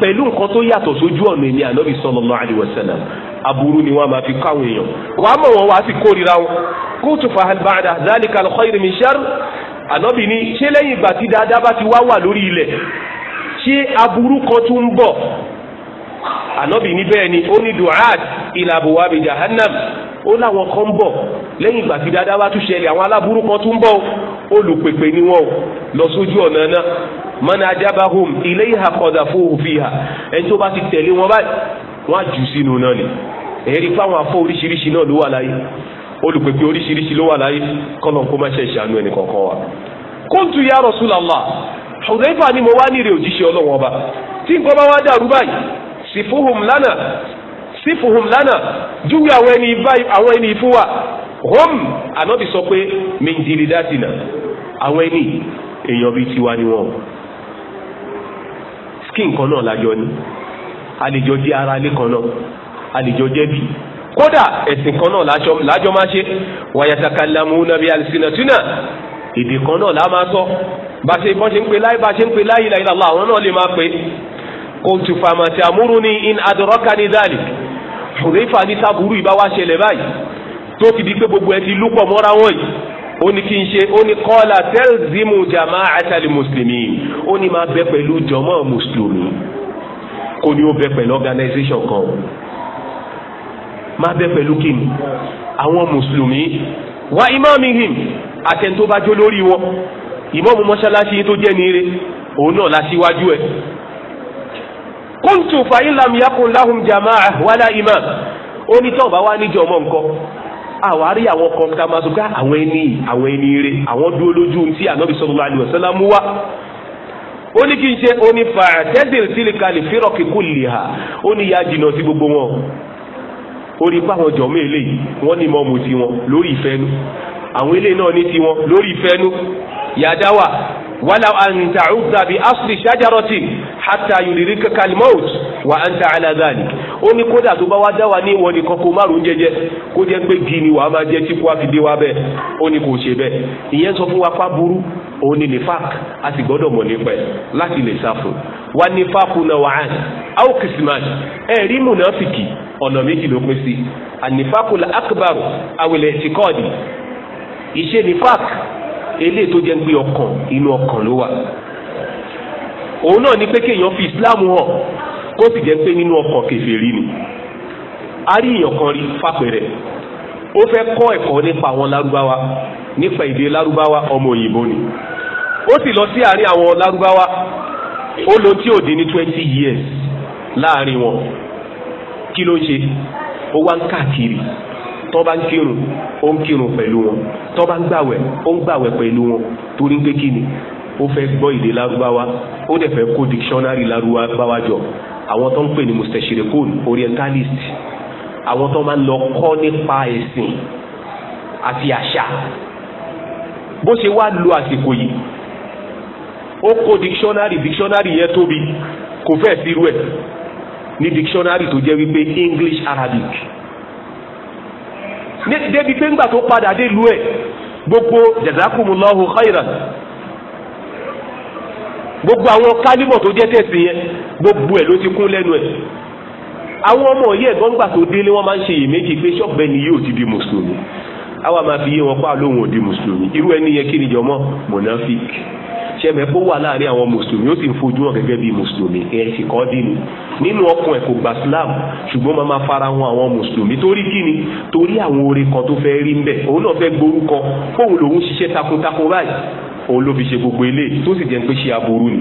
A: pẹ̀lú nǹkan tó yàtọ̀ sójú ọ̀nà èmi ànábì sallallahu alaihi wasallam aburú ni wọ́n máa fi kọ́ àwọn èèyàn wàá mọ̀ wọn wá sí kórìíra wọn kóòtù fahal ba'da dhalika al ànábì ni ṣé lẹ́yìn ìgbà tí dáadáa bá ti wá wà lórí ilẹ̀ ṣé aburú kan tún ń bọ̀ ànábì ní bẹ́ẹ̀ ni ó ní du'ad ila abwabi jahannam ó láwọn kan ń bọ̀ lẹ́yìn ìgbà tí dáadáa bá tún ṣẹlẹ̀ àwọn aláburú kan tún ń bọ̀ olùpèpè ni wọn o lọ sójú ọ̀nà náà mọ́nà ajábáhùn ilé ìhà kọ́dà fóòhùn fi hà ẹni tó bá ti tẹ̀lé wọn báyìí wọ́n á jù sínú náà ni èyí fáwọn afọ oríṣiríṣi náà ló wà láyé olùpèpè oríṣiríṣi ló wà láyé kọ́lọ̀ kó má ṣe ìṣàánú ẹnì kọ̀ọ̀kan wa. kóńtù ya Rasulullah Hudhayfa ni mo wá ní ìrè òjíṣẹ́ ọlọ́wọ́n ọba tí nǹkan bá wá dàrú báyìí sifuhum lana sifuhum lana júwe àwọn ẹni fún wa hom ànábì sọ pé méjìlí dátìnà àwọn ẹni èèyàn bíi tiwa ni wọn skin kan náà lájọ ni àlejò jẹ ara ilé kan náà àlejò jẹ bíi kódà ẹ̀sìn kan náà lájọ máa ṣe wàyàtàkàlàmù nàbí àlìsínàtúnà èdè kan náà lá máa sọ bá ṣe bọ́ ṣe ń pe láyé bá ṣe ń pe láyé ìlàyé làlá àwọn náà lè máa pe kò tù fàmàtì àmúrú ni in adọ́rọ́kà ní dàlí ṣùgbọ́n ìfà ní sábúrú ìbá wá ṣẹlẹ̀ báyìí tó ti di pé gbogbo ẹ ti lúpọ̀ mọ́ra wọn yìí ó ní kí n ṣe ó ní kọ́lá tẹ́lzimu jama'atal muslimin ó ní máa bẹ pẹ̀lú jọmọ́ mùsùlùmí kó ní ó bẹ pẹ̀lú organisation kan máa bẹ pẹ̀lú kí ni àwọn mùsùlùmí wá imáàmihim àtẹn tó bá jó lórí wọn ìmáàmù mọ́ṣáláṣí tó jẹ́ ní ire òun náà láṣíwájú ẹ̀ kóńtù fàyín lam yakun láhùn jama'a wàlá imam ó ní tọ́ọ̀bá wá níjọ́ mọ́ nǹkan àwárí àwọn kan ká máa sọ pé ah, àwọn ẹni àwọn ẹni rẹ àwọn dúró lójú tí ànábì sallallahu alaihi wasallam mú wá ó ní kí n ṣe oní fàtẹ́sìl sílíkalì fírọ̀kì kò lè hà ó ní ya jìnnà sí gbogbo wọn orí báwọn jọ̀mọ́ eléyìí wọ́n ní mọ́mú tiwọn lórí ìfẹ́nu àwọn eléyìí náà ní tiwọn lórí ìfẹ́nu yàdáwà wàlà àǹtà ọ̀gbàbí asli ṣájàrọ̀tì hàtà yòrìrí kakalimout wà àǹtà àlàzàlì ó ní kódà tó bá wá dá wa ní ìwọ nìkan kó má rún jẹjẹ kó jẹ́ pé gí ni wàá máa jẹ tí kò á fi dé wa bẹ́ẹ̀ ó ní kò ṣe bẹ́ẹ̀ ìyẹn sọ fún wa pa burú òun ni nifak a sì gbọ́dọ̀ mọ̀ nípa ẹ̀ láti lè sá fún wa nifaku na wa an aw kisiman ẹ̀rí munafiki ọ̀nà méjì ló pín sí anifaku la akbar awele etikọ́ọ̀dì ìṣe nifak eléyìí tó jẹ́ ń gbé ọkàn inú ọkàn ló wà òun náà ni pé kéèyàn fi islam hàn kó sì jẹ́ pé nínú ọkọ̀ kèfèrí ni a rí èèyàn kan rí fàpẹ̀rẹ̀ ó fẹ́ kọ́ ẹ̀kọ́ nípa àwọn lárúbáwá nípa èdè lárúbáwá ọmọ òyìnbó ni ó sì lọ sí àárín àwọn lárúbáwá ó lò tí ò dín ní twenty years láàárín wọn kí ló ń ṣe ó wá ń káàkiri tó bá ń kírun ó ń kírun pẹ̀lú wọn tó bá ń gbàwẹ̀ ó ń gbàwẹ̀ pẹ̀lú wọn torí pé kí ni ó fẹ́ gbọ́ èdè lárúbáwá ó dẹ̀ fẹ́ kó dictionary lárúbáwá jọ àwọn tó ń pè ní mustachirikun orientalist àwọn tó máa ń lọ kọ́ nípa ẹ̀sìn àti àṣà bó ṣe wá lo àsìkò yìí ó kó dictionary dictionary yẹn tóbi kò fẹ́ sírú ẹ̀ ní dictionary tó jẹ́ wípé English Arabic débi pé ńgbà tó padà dé lu ẹ̀ gbogbo jazakumullahu khairan gbogbo àwọn kálímọ̀ tó jẹ́ tẹ̀sí yẹn gbogbo ẹ̀ ló ti kún lẹ́nu ẹ̀ àwọn ọmọ yìí ẹ̀gbọ́n gbà tó délé wọ́n máa ń ṣe iyèméjì pé ṣọ́ọ̀bù ẹni yóò ti di mùsùlùmí àwa máa fi yé wọn pa lóhùn òdi mùsùlùmí irú ẹni yẹn kí ni jọmọ monafik ṣẹbẹ kó wà láàrin àwọn mùsùlùmí ó sì ń fojú hàn gẹ́gẹ́ bíi mùsùlùmí ẹ̀sìn kan dín ní nínú ọkàn kò gba Islam ṣùgbọ́n máa ma fara hàn àwọn mùsùlùmí torí kí ni torí àwọn oore kan tó fẹ́ rí ń bẹ̀ òun náà fẹ́ gborúkọ fóun lòun ṣiṣẹ́ takuntakun báyìí òun ló fi ṣe gbogbo ilé tó sì jẹ́ pé ṣe aburú ni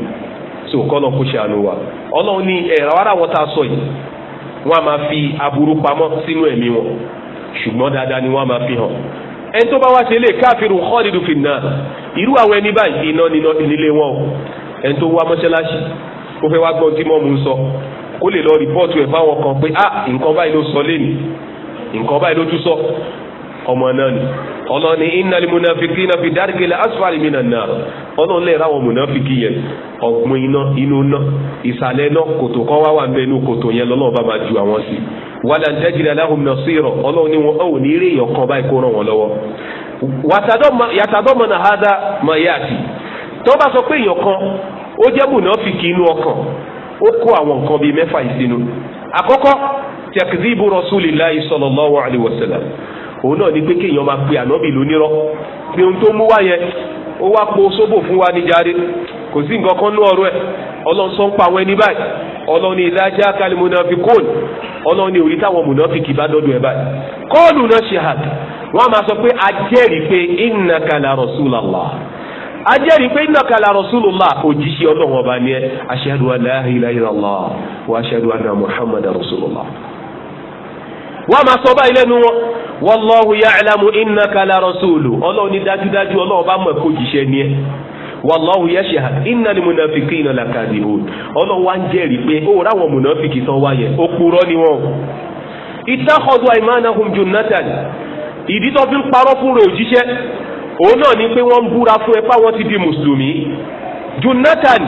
A: so kọ́nà kó ṣe àánú wa ọlọ́run ní ẹ̀rọ ara wọn tá a sọ yìí wọ́n á máa fi aburú pamọ́ sínú ẹ̀mí wọn ṣùgbọ́n dáadáa ni wọ́n á máa fi hàn ẹni tó bá wá ṣe lè káfíìrù kọ́ọ̀dìdù fi nà irú àwọn ẹni báyìí iná níná nílé wọn o ẹni tó wá mọ́ṣáláṣí ó fẹ́ wá gbọ́n tí mọ́mú ń sọ kó lè lọ rìpọ́ọ̀tù ẹ̀ kan pé ah nǹkan báyìí ló sọ lénìí nǹkan ọmọ náà ni ọlọ́ni na munafiqina fi darkil asfali minan nar ọlọ́run lè ráwọn munafiki yẹn ọ̀gbun iná inú ná ìsàlẹ̀ náà kòtò kan wá wà nínú kòtò yẹn bá ju àwọn sí walan tajida lahum nasira ọlọ́run wọn ní báyìí kó ràn wọ́n lọ́wọ́ yá àti tó bá sọ pé kan ó jẹ́ munafiki inú ọkàn ó kó àwọn òun náà ni pé kéèyàn máa pe ànábì lónírọ́ pé ohun tó mú wá yẹn ó wá po sóbò fún wa ní jàre kò sí nǹkan kan ní ọ̀rọ̀ ẹ̀ ọlọ́run sọ ń pa àwọn ẹni báyìí ọlọ́run kalimuna fi kóòlù ọlọ́run ní òrí táwọn mùnàfíkì bá dọ́dọ̀ ẹ̀ báyìí kóòlù náà ṣe máa sọ pé a pé la rasulallah pé la rasulullah òjíṣẹ́ ọlọ́run ọba ni ẹ wọ́n máa sọ báyìí lẹ́nu wọn wallahu ya'lamu innaka la rasulu ọlọ́run ní dájúdájú ọlọ́run bá mọ̀ kó jíṣẹ́ ni ẹ́ wallahu yashhad innal munafiqina lakadibun ọlọ́run wá ń jẹ́rìí pé ó ráwọn mùnàfíkì tán wáyẹ ó purọ́ ni wọn. ittakhadhu aymanahum junnatan ìdí fi ń parọ́ fún rẹ̀ òjíṣẹ́ òun náà ni pé wọ́n ń búra fún ẹ pé ti di mùsùlùmí junnatan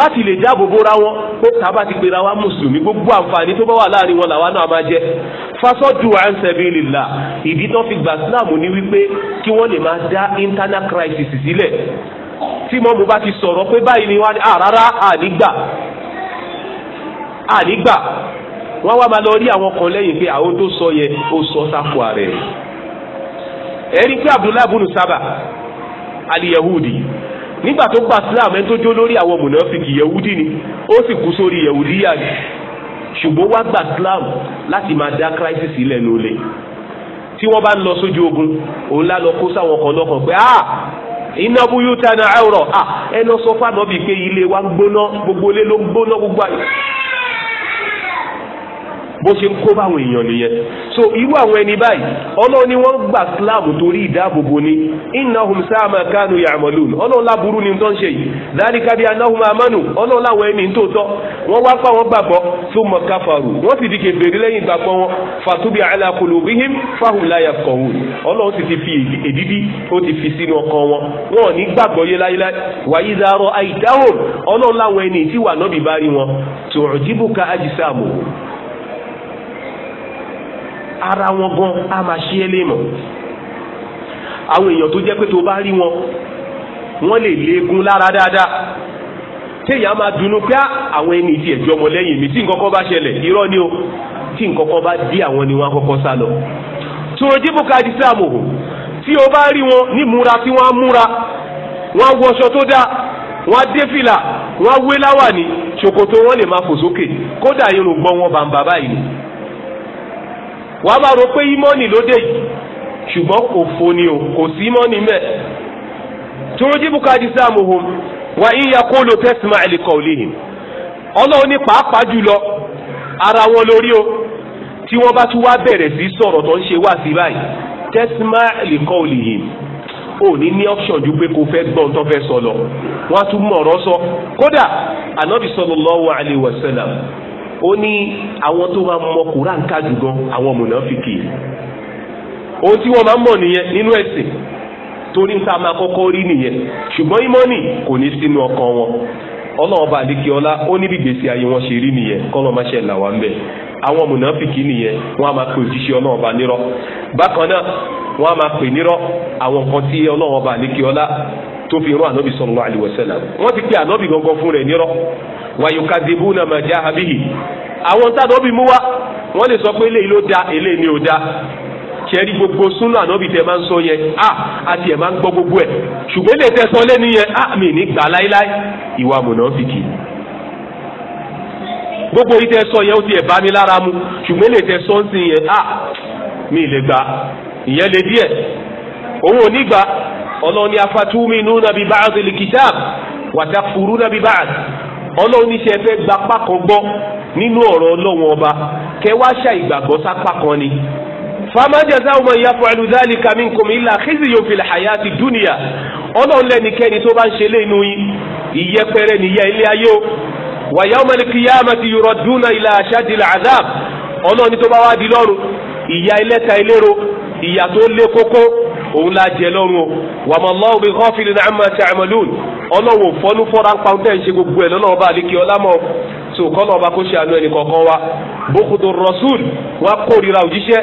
A: láti lè dáàbò bóra wọn pé tábà ti pera wa mùsùlùmí gbogbo àǹfààní tó bá wà láàrin wọn làwa náà máa jẹ fasọ́dù an sabilillah ìdí tó fi gbà síláàmù ni wípé kí wọ́n lè máa dá internal crisis sílẹ̀ tí mọ́mú bá ti sọ̀rọ̀ pé báyìí ni wọ́n á rárá ànígbà ànígbà wọ́n wá máa lọ rí àwọn kan lẹ́yìn pé àwọn tó sọ yẹn ó sọ sáfù ààrẹ ẹ̀rí pé Abdullahi bunu aliyahudi nígbà tó gba islam ẹni tó jó lórí àwọn mùnàfíkì yẹwúdí ni ó sì kú sórí yẹwúdíyà ni ṣùgbọ́n wá gba islam láti máa dá crisis ilẹ̀ ní olè tí wọ́n bá ń lọ sójú ogun òun lá lọ kó sáwọn kan lọ́kàn pé ah iná na tana ẹ̀rọ ah ẹ lọ sọ fáwọn bíi pé ilé wa ń gbóná gbogbo ilé ló ń gbóná gbogbo àyè bó ṣe ń kó báwọn èèyàn nìyẹn so irú àwọn ẹni báyìí ọlọ́run ni wọ́n gbà Islam torí ìdáàbòbò ni innahum sa'a ma kanu ya'malun ọlọ́run láburú ni tó ń ṣe yìí dhalika bi annahum amanu ọlọ́run láwọn ẹni tó tọ́ wọ́n wá pa wọn gbàgbọ́ thumma kafaru wọ́n sì di kèfèrí lẹ́yìn ìgbàgbọ́ wọn fatubi ala qulubihim fahum la yafqahun ọlọ́run sì ti fi èdìdí ó ti ara wọn gan á máa ṣí ẹ lè mọ̀ àwọn èèyàn tó jẹ́ pé tó bá rí wọn wọ́n lè léegun lára dáadáa téèyàn máa dùnnú pé ah, àwọn ẹni tí ẹ̀jọ́ ọmọ mi tí nǹkan kan bá ṣẹlẹ̀ irọ́ ni o tí nǹkan kan bá dí àwọn ni wọ́n á kọ́kọ́ sá lọ. tòròjì bùkátì sáàmù hù tí o bá rí wọn ní múra tí wọ́n á múra wọ́n á wọṣọ tó dáa wọ́n á dé fìlà wọ́n á wé láwàní ṣòkòtò wọn lè máa fò sókè kódà irùngbọ̀n wọn bàǹbà báyìí wàá máa rò pé ímọ́nì ló dé yìí ṣùgbọ́n kò foni o kò sí ímọ́nì mẹ́ turujibu kadisamu hum wa in yakulu tasma' li qawlihim ọlọ́run ní pàápàá jùlọ ara wọn lórí o tí wọ́n bá tún wá bẹ̀rẹ̀ sí sọ̀rọ̀ tó ń ṣe wá sí báyìí tasma' li qawlihim ò ní ní option ju pé kò fẹ́ gbọ́n tó fẹ́ sọ lọ wọ́n á tún mọ̀ ọ̀rọ̀ sọ kódà anabi sallallahu ó ní àwọn tó máa mọ Quran ká jù gan àwọn mùnàfíkì ohun tí wọ́n máa ń mọ̀ nìyẹn nínú ẹ̀sìn torí ń ta máa kọ́kọ́ rí nìyẹn ṣùgbọ́n ìmọ̀nì kò ní sínú ọkàn wọn ọlọ́run bá ọlá ó níbi gbèsè ayé wọn ṣe rí nìyẹn kọ́lọ́ máa ṣe là wá ń bẹ̀ àwọn mùnàfíkì nìyẹn wọ́n á máa pè òjíṣẹ́ ọlọ́run bá bákan náà wọ́n á máa pè nírọ́ àwọn nǹkan tí tó fi rán ànábì sallallahu alaihi wasallam wọ́n ti pè ànábì gangan fún rẹ̀ nírọ́ wayukadibuna ma jaha bihi àwọn tá ànábì mú wá wọ́n lè sọ pé eléyìí ló da eléyìí ni ò da kẹrí gbogbo súnà ànábì tẹ máa ń sọ yẹn a àti ẹ̀ máa ń gbọ́ gbogbo ẹ̀ ṣùgbọ́n eléyìí tẹ sọ lẹ́nu yẹn a mi ní gbà láíláí ìwà mùnàfíkì gbogbo yìí tẹ sọ yẹn ó ti ẹ̀ bá mi lára mu ṣùgbọ́n eléyìí tẹ sọ ń sìn yẹn a mi lè gbà ìyẹn lè díẹ̀ òun ò ní gbà ọlọ́run ní afatuminuna bi ba'dil kitab wa takfuruna bi ba'd ọlọ́run ní ṣe fẹ́ gba pákó gbọ́ nínú ọ̀rọ̀ ọlọ́run ọba kẹwàá ṣà ìgbàgbọ́ sápá kan ni. fama jaza'u man yaf'alu dhalika minkum illa khizyun fil hayati dunya ọlọ́run lẹ́nikẹ́ni tó bá ń ṣe lẹ́nu yín ìyẹpẹrẹ nìyẹ ilé ayé o wa yawmal qiyamati yuradduna ila ashadil azab ọlọ́run ní tó bá wá di lọ́run ìyà ẹlẹ́ta ẹlẹ́ro ìyà tó lé kókó òun la jẹ lọ́rùn o wa ma Allahu bi ghafilin amma ta'malun ọlọ́wọ́ fọ́nú fọ́ra ń pa ń tẹ̀ ń ṣe gbogbo ẹ̀ lọ́nà ọba àlekè ọlámọ so kọ́nà ọba kó ṣe àánú ẹnì kọ̀ọ̀kan wa bókútó rasul wọn kórira òjíṣẹ́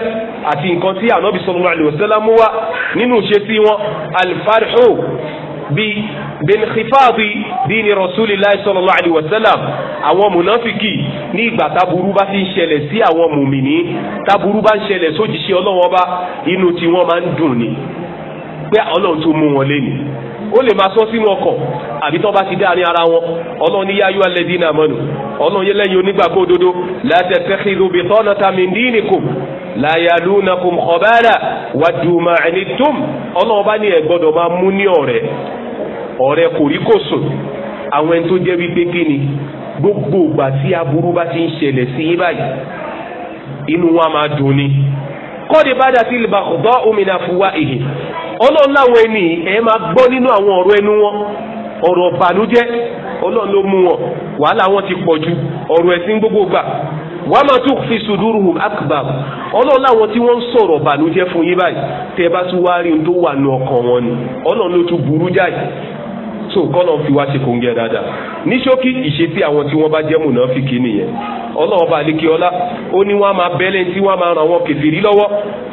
A: àti nǹkan tí ànábì sallallahu alaihi wasallam wa nínú ìṣesí wọn alfarhu bi benxifaadi diini rasulillahi sallallahu alayhi wa sallam àwọn munafiki ní ìgbà taburu bá ti ń ṣẹlẹ̀ sí àwọn taburu bá ń ṣẹlẹ̀ sójìṣẹ́ ọlọ́wọ́n bá inú tí wọ́n ni pé ọlọ́run tó mú wọn lẹ́nu ó lè máa sọ sínú ọkọ̀ àbí tó bá ti dá ní ara wọn ọlọ́run ní yáyọ alẹ́dí náà mọ́nu ọlọ́run yẹ lẹ́yìn onígbàgbọ́ òdodo láti tẹ́kìlú bí tọ́nà tàmí dínìkù láyàlúnàkùn kọ̀bára wàdùmá ẹni tóun ọlọ́run bá ní ẹ gbọ́dọ̀ máa mú ní ọ̀rẹ́ ọ̀rẹ́ kòríkòsùn àwọn ẹni tó jẹ́ wípé kí ni gbogbo ìgbà tí aburú bá ti ń ṣẹlẹ̀ sí yín báyìí inú wa máa dùn ni kọ́ọ̀dì bá dàtí ìlú bàkùbọ́ òmìnira fúwa ìhì ọlọ́run láwọn ẹni ẹ máa gbọ́ nínú àwọn ọ̀rọ̀ ẹnu wọn ọ̀rọ̀ bànújẹ́ ọlọ́run ló mú wọn wàhálà wọn ti pọ̀ ju ọ̀rọ̀ ẹ̀sìn gbogbo gbà wàá máa tún fi suduruhum akbar ọlọ́run láwọn tí wọ́n ń sọ̀rọ̀ fún yín báyìí wọn ni ọlọ́run ló tún burú jáì so fi wá ṣe kóńgẹ́ dáadáa ní ṣókí àwọn tí wọ́n ọlọ́wọ́ bá lè kí ọlá ó ní wọ́n á máa bẹ́lẹ̀ tí wọ́n á máa ràn wọ́n kèfèrí lọ́wọ́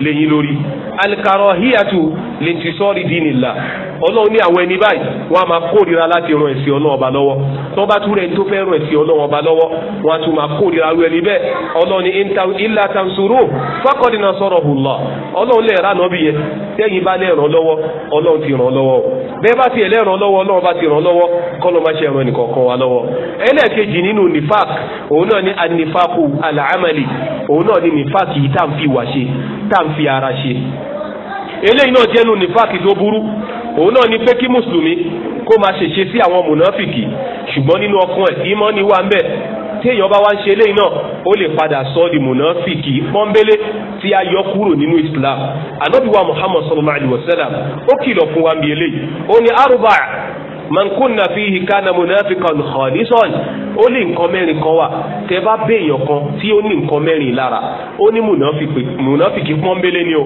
A: lẹ́yìn lórí alikarọ̀ híyàtù lè ti ọlọ́run ní àwọn ẹni báyìí wọ́n á máa kórira láti ran ẹ̀sìn ọlọ́run ọba lọ́wọ́ tó bá tún rẹ̀ ní tó fẹ́ ran ẹ̀sìn ọlọ́run ọba lọ́wọ́ wọ́n á tún máa kórira rú ẹni bẹ́ẹ̀ ọlọ́run ní ilà tansuru faqad nasarahu Allah ọlọ́run lè rà nọ́bí yẹn tẹ́yìn bá lè ràn lọ́wọ́ ọlọ́run ti ràn lọ́wọ́ bẹ́ẹ̀ bá tiẹ̀ lè ràn lọ́wọ́ ọlọ́run bá ti ràn lọ́wọ́ kọ́ló má ṣe ràn ẹnìkọ̀ọ̀kan wa lọ́wọ́ ẹlẹ́ẹ̀kejì nínú nifak òun náà ní anifakù alaamali òun náà ní nifak yìí tá à ń fi wà ṣe tá à ń fi ara ṣe eléyìí náà jẹ́nu nifak tó burú òun náà ni pé kí mùsùlùmí kó máa ṣèṣe sí àwọn mùnàfìkì ṣùgbọ́n nínú ọkàn ẹ̀ ìmọ̀ ni wà ń bẹ̀ téèyàn bá wá ń ṣe eléyìí náà ó lè padà sọ di mùnàfìkì pọ́nbélé tí a yọ kúrò nínú islam anabiwa muhammad sallallahu alayhi wa sallam ó kìlọ̀ fún wa ń bi eléyìí ó ní arúgbà man kunna fihi kana munafiqan khalisan ó ní nǹkan mẹ́rin kan wà tẹ́ bá béèyàn kan tí ó ní nǹkan mẹ́rin lára ó ní munafiki pọ́nbélé ni o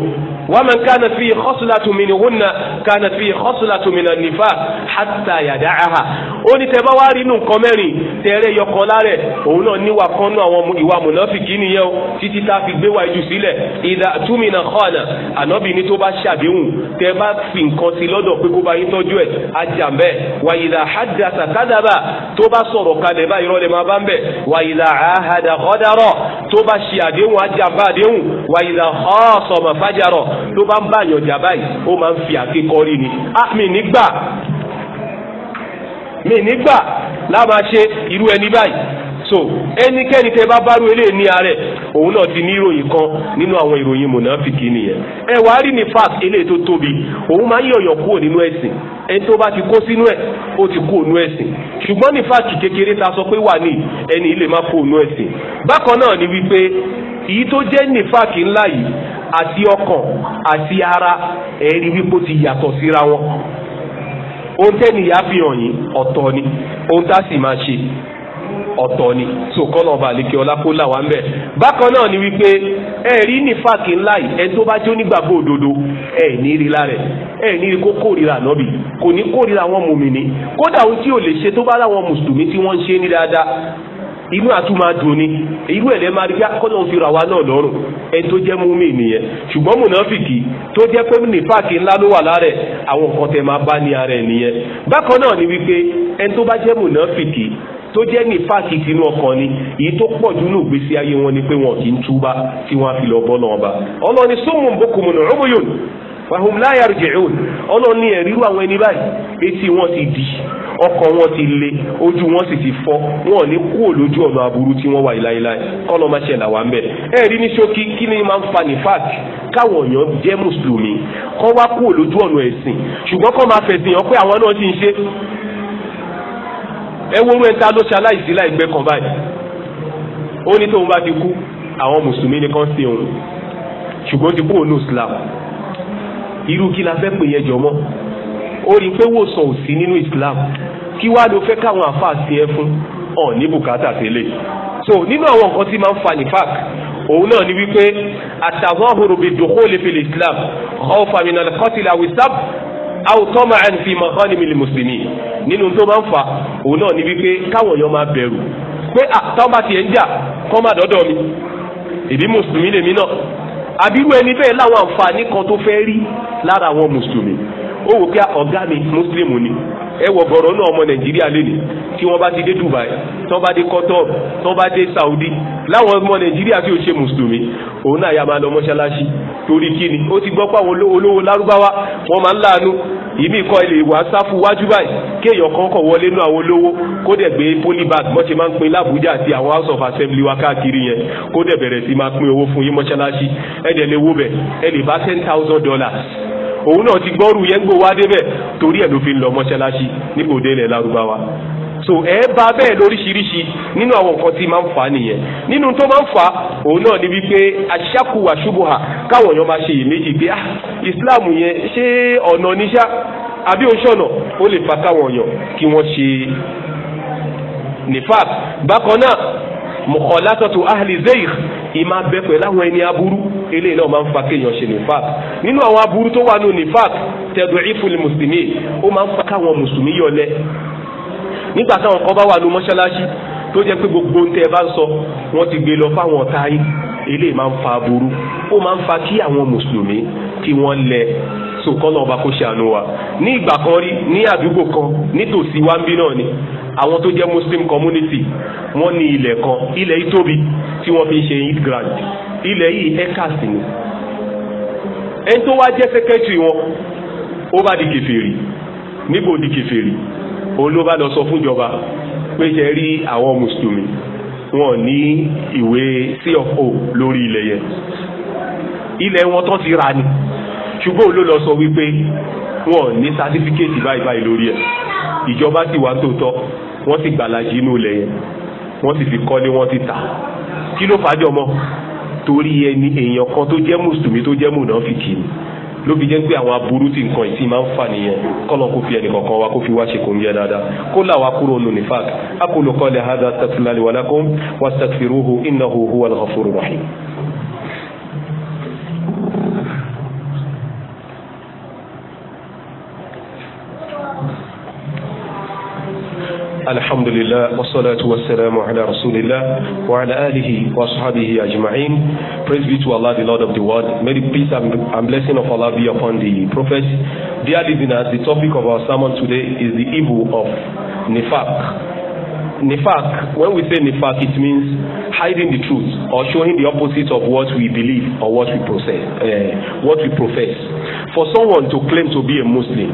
A: wa man kana fihi khaslatun minhunna kana fihi khaslatun minan nifaq hatta yada'aha ó ní tẹ́ bá wá rí inú nǹkan mẹ́rin tẹ́rẹ́ yọkan lárẹ̀ òun náà níwà kan nú àwọn ìwà munafiki nìyẹn o títí tá a fi gbé wa jù sílẹ̀ ìdá túmínà khana ànábì ní tó bá ṣàdéhùn tẹ́ bá fi nǹkan sí lọ́dọ̀ pé kó bá yín tọ́jú ẹ̀ ajá bẹ́ẹ̀ wa idha haddasa kadaba tó bá sọ̀rọ̀ kalẹ̀ bá irọ́ lè máa bá ń bẹ̀ wa idha ahada ghadara tó bá ṣe àdéhùn ajàmbá àdéhùn wa idha khasama fajara tó bá ń bá àyànjà báyìí ó máa ń fi àkékọ́rí ni mi nígbà mi nígbà lábàá ṣe irú ẹni báyìí so ẹnikẹ́ni tẹ bá bárú ilé ní ààrẹ òun náà ti ní ìròyìn kan nínú àwọn ìròyìn mùnàfíkì nìyẹn ẹ wàá rí ní fact ilé tó tóbi òun máa ń yọ̀yọ̀ kúrò nínú ẹ̀sìn ẹni tó bá ti kó sínú ẹ̀ ó ti kúrò nínú ẹ̀sìn ṣùgbọ́n ní fact kékeré ta sọ pé wà ní ẹni ilé máa kúrò nínú ẹ̀sìn bákan náà ni wípé èyí tó jẹ́ ní fact ńlá yìí àti ọkàn àti ara ẹ̀rí wípé ó ti yàtọ̀ síra wọn ohun tẹ́niyà fi hàn yín ọ̀tọ̀ ni ohun tá sì máa ṣe ọ̀tọ̀ ni so kọ́nà ọba àlekè ọlá kó là wá ń bẹ̀. bákan náà ni wípé ẹ rí nífàkì ńlá yìí ẹni tó bá jó nígbàgbọ́ òdodo ẹ ní rí lára ẹ ní rí kó kórìíra ànábì kò ní kórìíra àwọn mùmìnì kódà ohun tí ò lè ṣe tó bá láwọn mùsùlùmí tí wọ́n ń ṣe ní dáadáa inú àtúmọ̀ dùn ni irú ẹ̀ lẹ́ máa rí ah, kọ́nà òfin ra wa náà lọ́rùn ẹ tó jẹ́ múmi nìyẹn ṣùgbọ́n mùnàfìkì tó jẹ́ pé nífàkì ńlá ló wà lára ẹ̀ àwọn nǹkan tẹ máa bá ní ara ẹ̀ nìyẹn bákan náà ni wípé ẹ tó bá jẹ́ mùnàfìkì tó jẹ́ ní fáàkì tinú ọkàn ni èyí tó pọ̀ jù nù gbèsè ayé wọn ni pé wọn kì í túbá tí wọ́n á fi lọ bọ́ náà bá ọlọ́ni summun bukmun umyun fahum la yarji'un ọlọ́run ní ẹ̀rí irú àwọn ẹni báyìí etí wọn ti di ọkọ̀ wọn ti le ojú wọn sì ti fọ́ wọn ò ní kúrò lójú ọ̀nà aburú tí wọ́n wà láéláé kọ́nà máa ṣẹlẹ̀ wà ń bẹ̀. ẹ rí ní ṣókí kí ni máa ń fa nifak káwọn èèyàn jẹ́ mùsùlùmí kọ́ wá kúrò lójú ọ̀nà ẹ̀sìn ṣùgbọ́n kọ́ máa fẹ̀sìn hàn pé àwọn náà ti ń ṣe ẹ wo orú ẹ̀ta ló ṣe aláìsí láìgbẹ́ kan báyìí ó ní tóun bá ti kú àwọn mùsùlùmí ni kàn sí òun ṣùgbọ́n ti kú òun islam irú kí la fẹ́ pè yẹn jọmọ́ ó rí i pé wòsàn ò sí nínú islam kí wàá ló fẹ́ káwọn àfáà sí ẹ fún ọ̀ ní bùkátà tẹ́lẹ̀ so nínú àwọn nǹkan tí máa ń fa nifak òun náà ni wípé àtàwọn ahoro bíi dòkó lè fi lè islam ọ̀fàmìnà kọ́tìlà wìsáàbù àwùtọ́mà àǹfì mọ̀kànlélì mùsùlùmí nínú tó máa ń fa òun náà ni wípé káwọn èèyàn máa bẹ̀rù pé táwọn bá tiẹ̀ ń jà kọ́ má dọ́dọ̀ mi èmi mùsùlùmí lèmi náà àbírú ẹni bẹ́ẹ̀ láwọn àǹfààní kan tó fẹ́ rí lára àwọn mùsùlùmí ó wò pé ọ̀gá mi muslim ni ẹ wọ bọ̀rọ̀ náà ọmọ nàìjíríà lónìí tí wọ́n bá ti dé dubai tí wọ́n bá dé qatar tí wọ́n bá dé saudi láwọn ọmọ nàìjíríà tí ò ṣe mùsùlùmí òun náà yà máa lọ mọ́ṣáláṣí torí kí ni ó ti gbọ́ pé àwọn olówó lárúbáwá wọ́n máa ń láàánú ìmí kan ilé ìwà sáfù wájú báyìí kéèyàn kan kọ̀ wọlé nú àwọn olówó kó dẹ̀ gbé polybag bọ́n ṣe máa ń pín lábújá àti àwọn house of assembly wa káàkiri yẹn kó dẹ̀ bẹ̀rẹ̀ sí máa pín owó fún yín mọ́ṣáláṣí ẹ̀ dẹ̀ lè wó bẹ̀ ẹ̀ lè bá ten thousand dollars òun náà ti gbọ́rù yẹn gbò wá débẹ̀ torí ẹ̀ ló fi ń lọ mọ́ṣáláṣí nípò délẹ̀ lárúbáwá so ẹ bá bẹ́ẹ̀ lóríṣiríṣi nínú àwọn nǹkan tí máa ń fà á nìyẹn nínú tó máa ń fà á òun náà ni wípé aṣáku àṣubuhà káwọn èèyàn máa ṣe iyèméjì pé ah islam yẹn ṣé ọ̀nà níṣà àbí oṣọ̀nà ó lè fa káwọn èèyàn kí wọ́n ṣe nifas bákan náà mukhalatatu ahli zeyir ìmá bẹ pẹ̀lú àwọn ẹni aburú eléyìí náà máa ń fa kéèyàn ṣe nifaq nínú àwọn aburú tó wà nù nifaq tad'ifu lil muslimin ó máa ń fa káwọn mùsùlùmí yọlẹ nígbà táwọn kan bá wà nù mọ́ṣáláṣí tó jẹ́ pé gbogbo ń tẹ́ ẹ bá ń sọ wọ́n ti gbé lọ fáwọn ọ̀tá yín eléyìí máa ń fa aburú ó máa fa kí àwọn mùsùlùmí tí wọ́n lẹ so kọ́nà ọba kó ṣàánú wa ní ìgbà kan rí ní àdúgbò kan nítòsí wa ń bí náà ni àwọn tó jẹ́ muslim community wọ́n ní ilẹ̀ kan ilẹ̀ yìí tóbi tí wọ́n fi ń ṣe eid grand ilẹ̀ yìí ecas ni ẹni tó wá jẹ́ secretary wọn ó bá di kèfèrí níbo di kèfèrí òun ló bá lọ sọ fúnjọba pé ṣe rí àwọn mùsùlùmí wọn ní ìwé sí lórí ilẹ̀ yẹn ilẹ̀ wọn tán ti ra ni ṣùgbọ́n ló lọ sọ wípé wọn ní sátífíkẹ́tì báyìí báyìí lórí ẹ̀ ìjọba sì wá tòótọ́ wọ́n sì gbàlàjì inú ilẹ̀ yẹn wọ́n sì fi kọ́lé wọ́n ti tà kí ló fàájọ mọ́ torí ẹni èèyàn kan tó jẹ́ mùsùlùmí tó jẹ́ mùnàfíkì ni ló fi jẹ́ pé àwọn aburú tí nǹkan ìsìn máa ń fà nìyẹn kọ́lọ̀ kó fi ẹnì kọ̀ọ̀kan wa kó fi wá ṣe kò ń yẹ dáadáa kó làwa kúrò nù nífàk aqulu qawli hadha astaghfirullahi wa lakum wastaghfiruhu innahu huwal ghafurur rahim. الحمد لله والصلاة والسلام على رسول الله وعلى آله وصحبه أجمعين. Praise be to Allah, the Lord of the world. May the peace and blessing of Allah be upon the Prophet. Dear listeners, the topic of our sermon today is the evil of nifaq. Nifaq, when we say nifaq, it means hiding the truth or showing the opposite of what we believe or what we process, uh, what we profess. For someone to claim to be a Muslim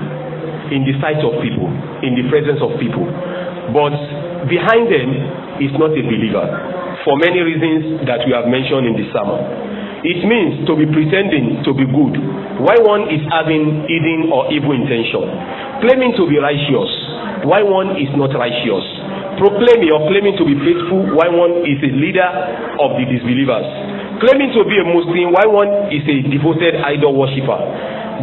A: in the sight of people, in the presence of people, But behind them is not a believer for many reasons that we have mentioned in the sermon. It means to be pretending to be good while one is having hidden or evil intention, claiming to be righteous while one is not righteous, proclaiming or claiming to be faithful while one is a leader of the disbelievers, claiming to be a Muslim while one is a devoted idol worshiper.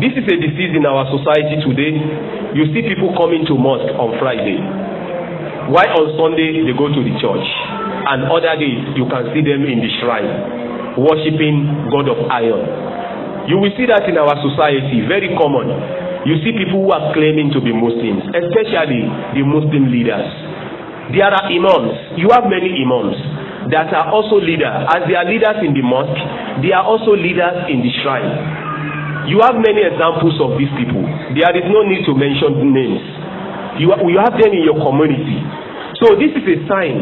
A: This is a disease in our society today. You see people coming to mosque on Friday Why on Sunday they go to the church and other days you can see them in the shrine worshiping God of iron? You will see that in our society, very common. You see people who are claiming to be Muslims, especially the Muslim leaders. There are imams. You have many imams that are also leaders. As they are leaders in the mosque, they are also leaders in the shrine. You have many examples of these people. There is no need to mention names You, you have them in your community. So this is a sign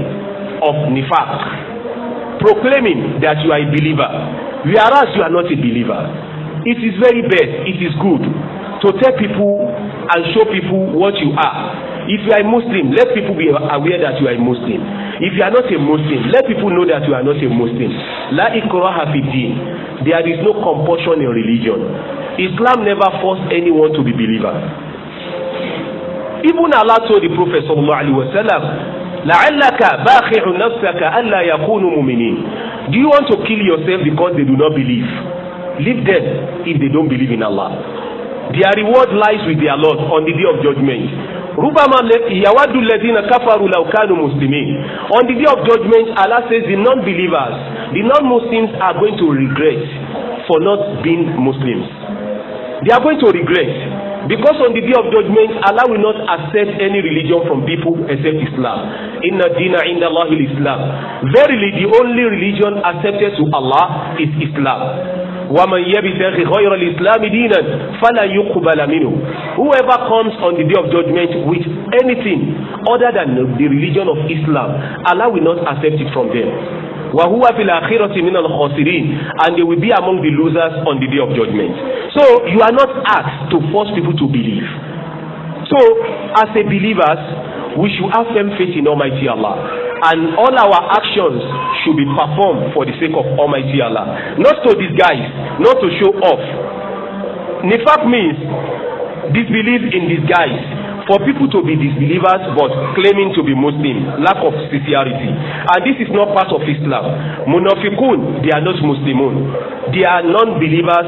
A: of nifaq, proclaiming that you are a believer, whereas you are not a believer. It is very bad. it is good to tell people and show people what you are. If you are a Muslim, let people be aware that you are a Muslim. If you are not a Muslim, let people know that you are not a Muslim. La ikraha fi din. There is no compulsion in religion. Islam never forced anyone to be believer even Allah told the Prophet sallallahu alaihi wasallam la'allaka baakhi'u nafsaka alla yakunu mu'minin do you want to kill yourself because they do not believe leave them if they don't believe in Allah their reward lies with their Lord on the day of judgment rubama yawadu ladina kafaru law muslimin on the day of judgment allah says the non-believers the non-muslims are going to regret for not being muslims they are going to regret Because on the day of judgment, Allah will not accept any religion from people except Islam. Inna dina inna Allah Islam. Verily, the only religion accepted to Allah is Islam. وَمَنْ يَبْتَغِ غَيْرَ الْإِسْلَامِ دِينًا فَلَنْ يُقْبَلَ مِنْهُ Whoever comes on the day of judgment with anything other than the religion of Islam, Allah will not accept it from them wa huwa fil min al khosirin and they will be among the losers on the day of judgment so you are not asked to force people to believe so as a believers we should have firm faith in Almighty Allah and all our actions should be performed for the sake of Almighty Allah not to disguise not to show off Nifak means disbelief in disguise for people to be disbelievers but claiming to be Muslim lack of sincerity and this is not part of Islam munafikun they are not Muslimun they are non-believers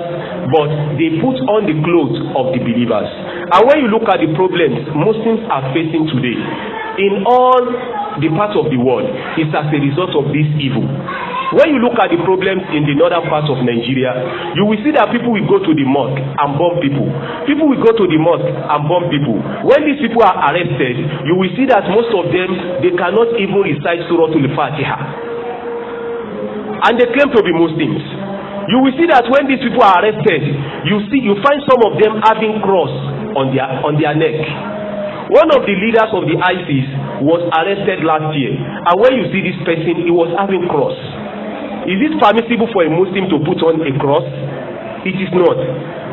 A: but they put on the clothes of the believers and when you look at the problems Muslims are facing today in all the parts of the world is as a result of this evil when you look at the problems in the northern part of Nigeria you will see that people will go to the mosque and bomb people people will go to the mosque and bomb people when these people are arrested you will see that most of them they cannot even recite Surah Suratul Fatiha and they claim to be Muslims you will see that when these people are arrested you see you find some of them having cross on their on their neck one of the leaders of the ISIS was arrested last year and when you see this person he was having cross Is it permissible for a Muslim to put on a cross? It is not.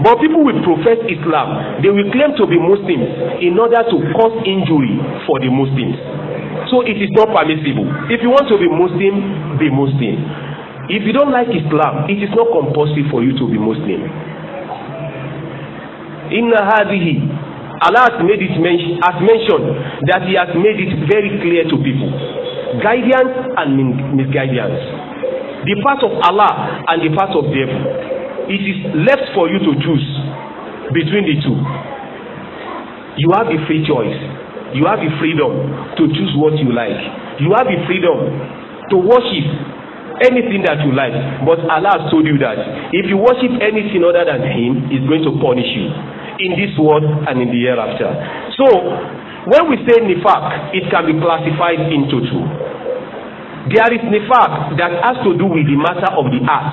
A: But people will profess Islam. They will claim to be Muslims in order to cause injury for the Muslims. So it is not permissible. If you want to be Muslim, be Muslim. If you don't like Islam, it is not compulsory for you to be Muslim. Inna hadihi Allah has made it mention has mentioned that he has made it very clear to people guidance and misguidance the part of Allah and the part of devil it is left for you to choose between the two you have a free choice you have a freedom to choose what you like you have a freedom to worship anything that you like but Allah has told you that if you worship anything other than him he's going to punish you in this world and in the hereafter so when we say nifaq it can be classified into two there is nifaq that has to do with the matter of the heart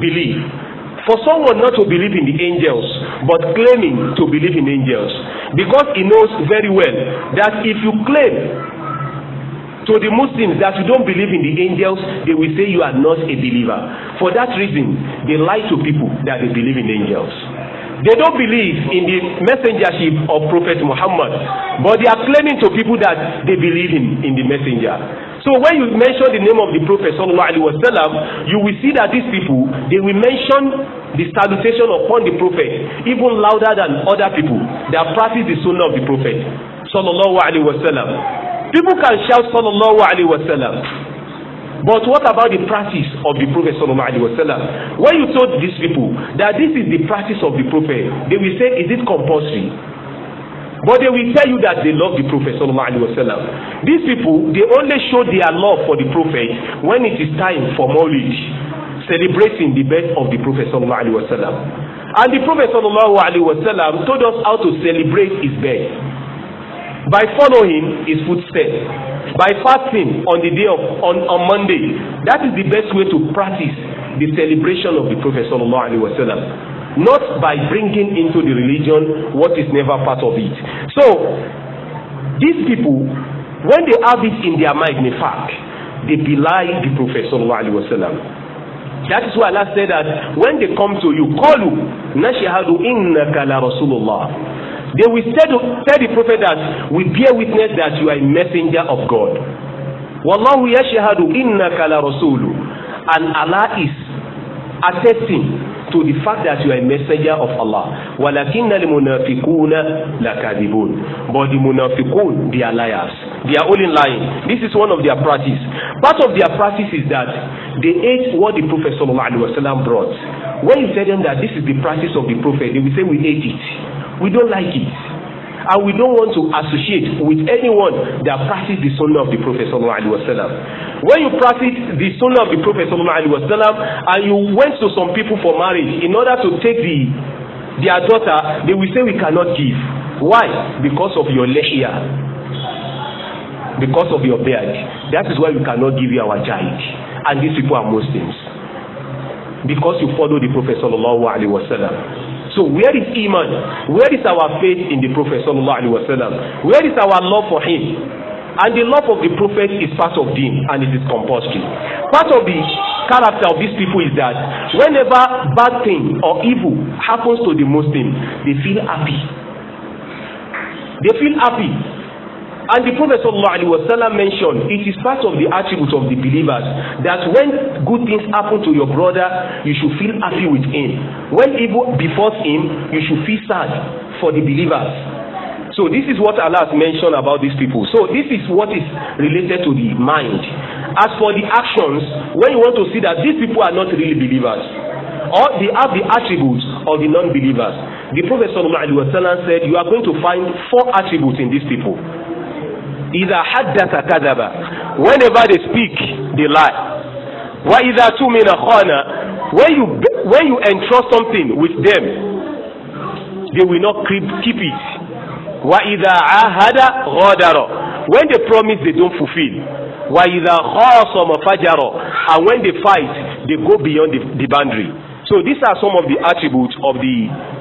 A: belief for someone not to believe in the angels but claiming to believe in angels because he knows very well that if you claim to the Muslims that you don't believe in the angels they will say you are not a believer for that reason they lie to people that they believe in angels they don't believe in the messengership of Prophet Muhammad but they are claiming to people that they believe in in the messenger So when you mention the name of the Prophet sallallahu alaihi wasallam, you will see that these people they will mention the salutation upon the Prophet even louder than other people that practice the sunnah of the Prophet sallallahu alaihi wasallam. People can shout sallallahu alaihi wasallam. But what about the practice of the Prophet sallallahu alaihi wasallam? When you told these people that this is the practice of the Prophet, they will say, is it compulsory? But they will tell you that they love the Prophet sallallahu alaihi wasallam. These people, they only show their love for the Prophet when it is time for Mawlid, celebrating the birth of the Prophet sallallahu alaihi wasallam. And the Prophet sallallahu alaihi wasallam told us how to celebrate his birth by following his footsteps, by fasting on the day of on on Monday. That is the best way to practice the celebration of the Prophet sallallahu alaihi wasallam not by bringing into the religion what is never part of it. So, these people, when they have it in their mind, in fact, they belie the Prophet sallallahu alaihi wasallam. That is why Allah said that when they come to you, qalu nashhadu innaka la rasulullah. They will tell, tell the prophet that we bear witness that you are a messenger of God. Wallahu yashhadu innaka la rasulu. And Allah is attesting to the fact that you are a messenger of Allah walakinna munafikuna munafiquna lakadibun but the munafikun, they are liars they are only lying this is one of their practice part of their practice is that they ate what the prophet sallallahu alaihi wasallam brought when you tell them that this is the practice of the prophet they will say we ate it we don't like it and we don't want to associate with anyone that practice the sunnah of the Prophet sallallahu alaihi wasallam when you practice the sunnah of the Prophet sallallahu alaihi wasallam and you went to some people for marriage in order to take the their daughter they will say we cannot give why because of your lehia because of your beard that is why we cannot give you our child and these people are Muslims because you follow the Prophet sallallahu alaihi wasallam So where is iman? Where is our faith in the Prophet sallallahu alaihi wasallam? Where is our love for him? And the love of the Prophet is part of deen and it is compulsory. Part of the character of these people is that whenever bad thing or evil happens to the Muslim, they feel happy. They feel happy And the Prophet sallallahu alaihi wasallam mentioned it is part of the attribute of the believers that when good things happen to your brother, you should feel happy with him. When evil befalls him, you should feel sad for the believers. So this is what Allah has mentioned about these people. So this is what is related to the mind. As for the actions, when you want to see that these people are not really believers, or they have the attributes of the non-believers, the Prophet sallallahu alaihi wasallam said, you are going to find four attributes in these people idha haddasa kadaba whenever they speak they lie wa idha tumina khana when you when you entrust something with them they will not keep keep it wa idha ahada ghadara when they promise they don't fulfill wa idha khasama fajara and when they fight they go beyond the, the boundary so these are some of the attributes of the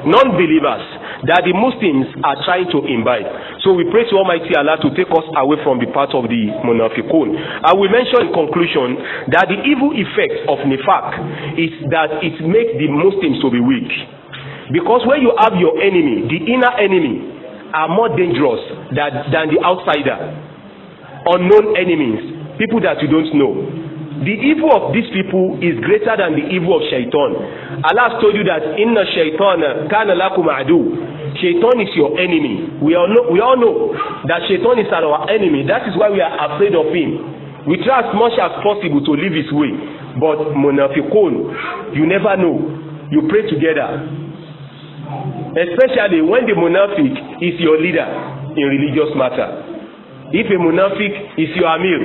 A: non-believers that the Muslims are trying to invite, So we pray to Almighty Allah to take us away from the path of the munafikun. I will mention in conclusion that the evil effect of nifak is that it makes the Muslims to be weak. Because when you have your enemy, the inner enemy are more dangerous than, than the outsider. Unknown enemies, people that you don't know The evil of these people is greater than the evil of shaitan. Allah has told you that inna shaitan kana lakum adu. Shaitan is your enemy. We all know, we all know that shaitan is our enemy. That is why we are afraid of him. We try as much as possible to live his way. But munafikun, you never know. You pray together. Especially when the munafik is your leader in religious matter If a munafiq is your amir,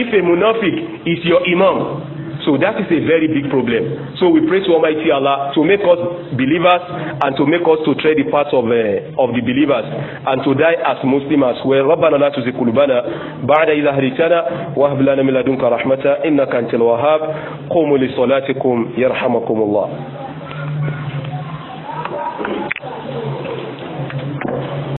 A: if a munafiq is your imam, so that is a very big problem. So we pray to Almighty Allah to make us believers and to make us to tread the path of, uh, of the believers and to die as Muslims as well. ربنا لا تزغ قلوبنا بعد إذ هديتنا وهب لنا من لدنك رحمة إنك أنت الوهاب قوموا لصلاتكم يرحمكم الله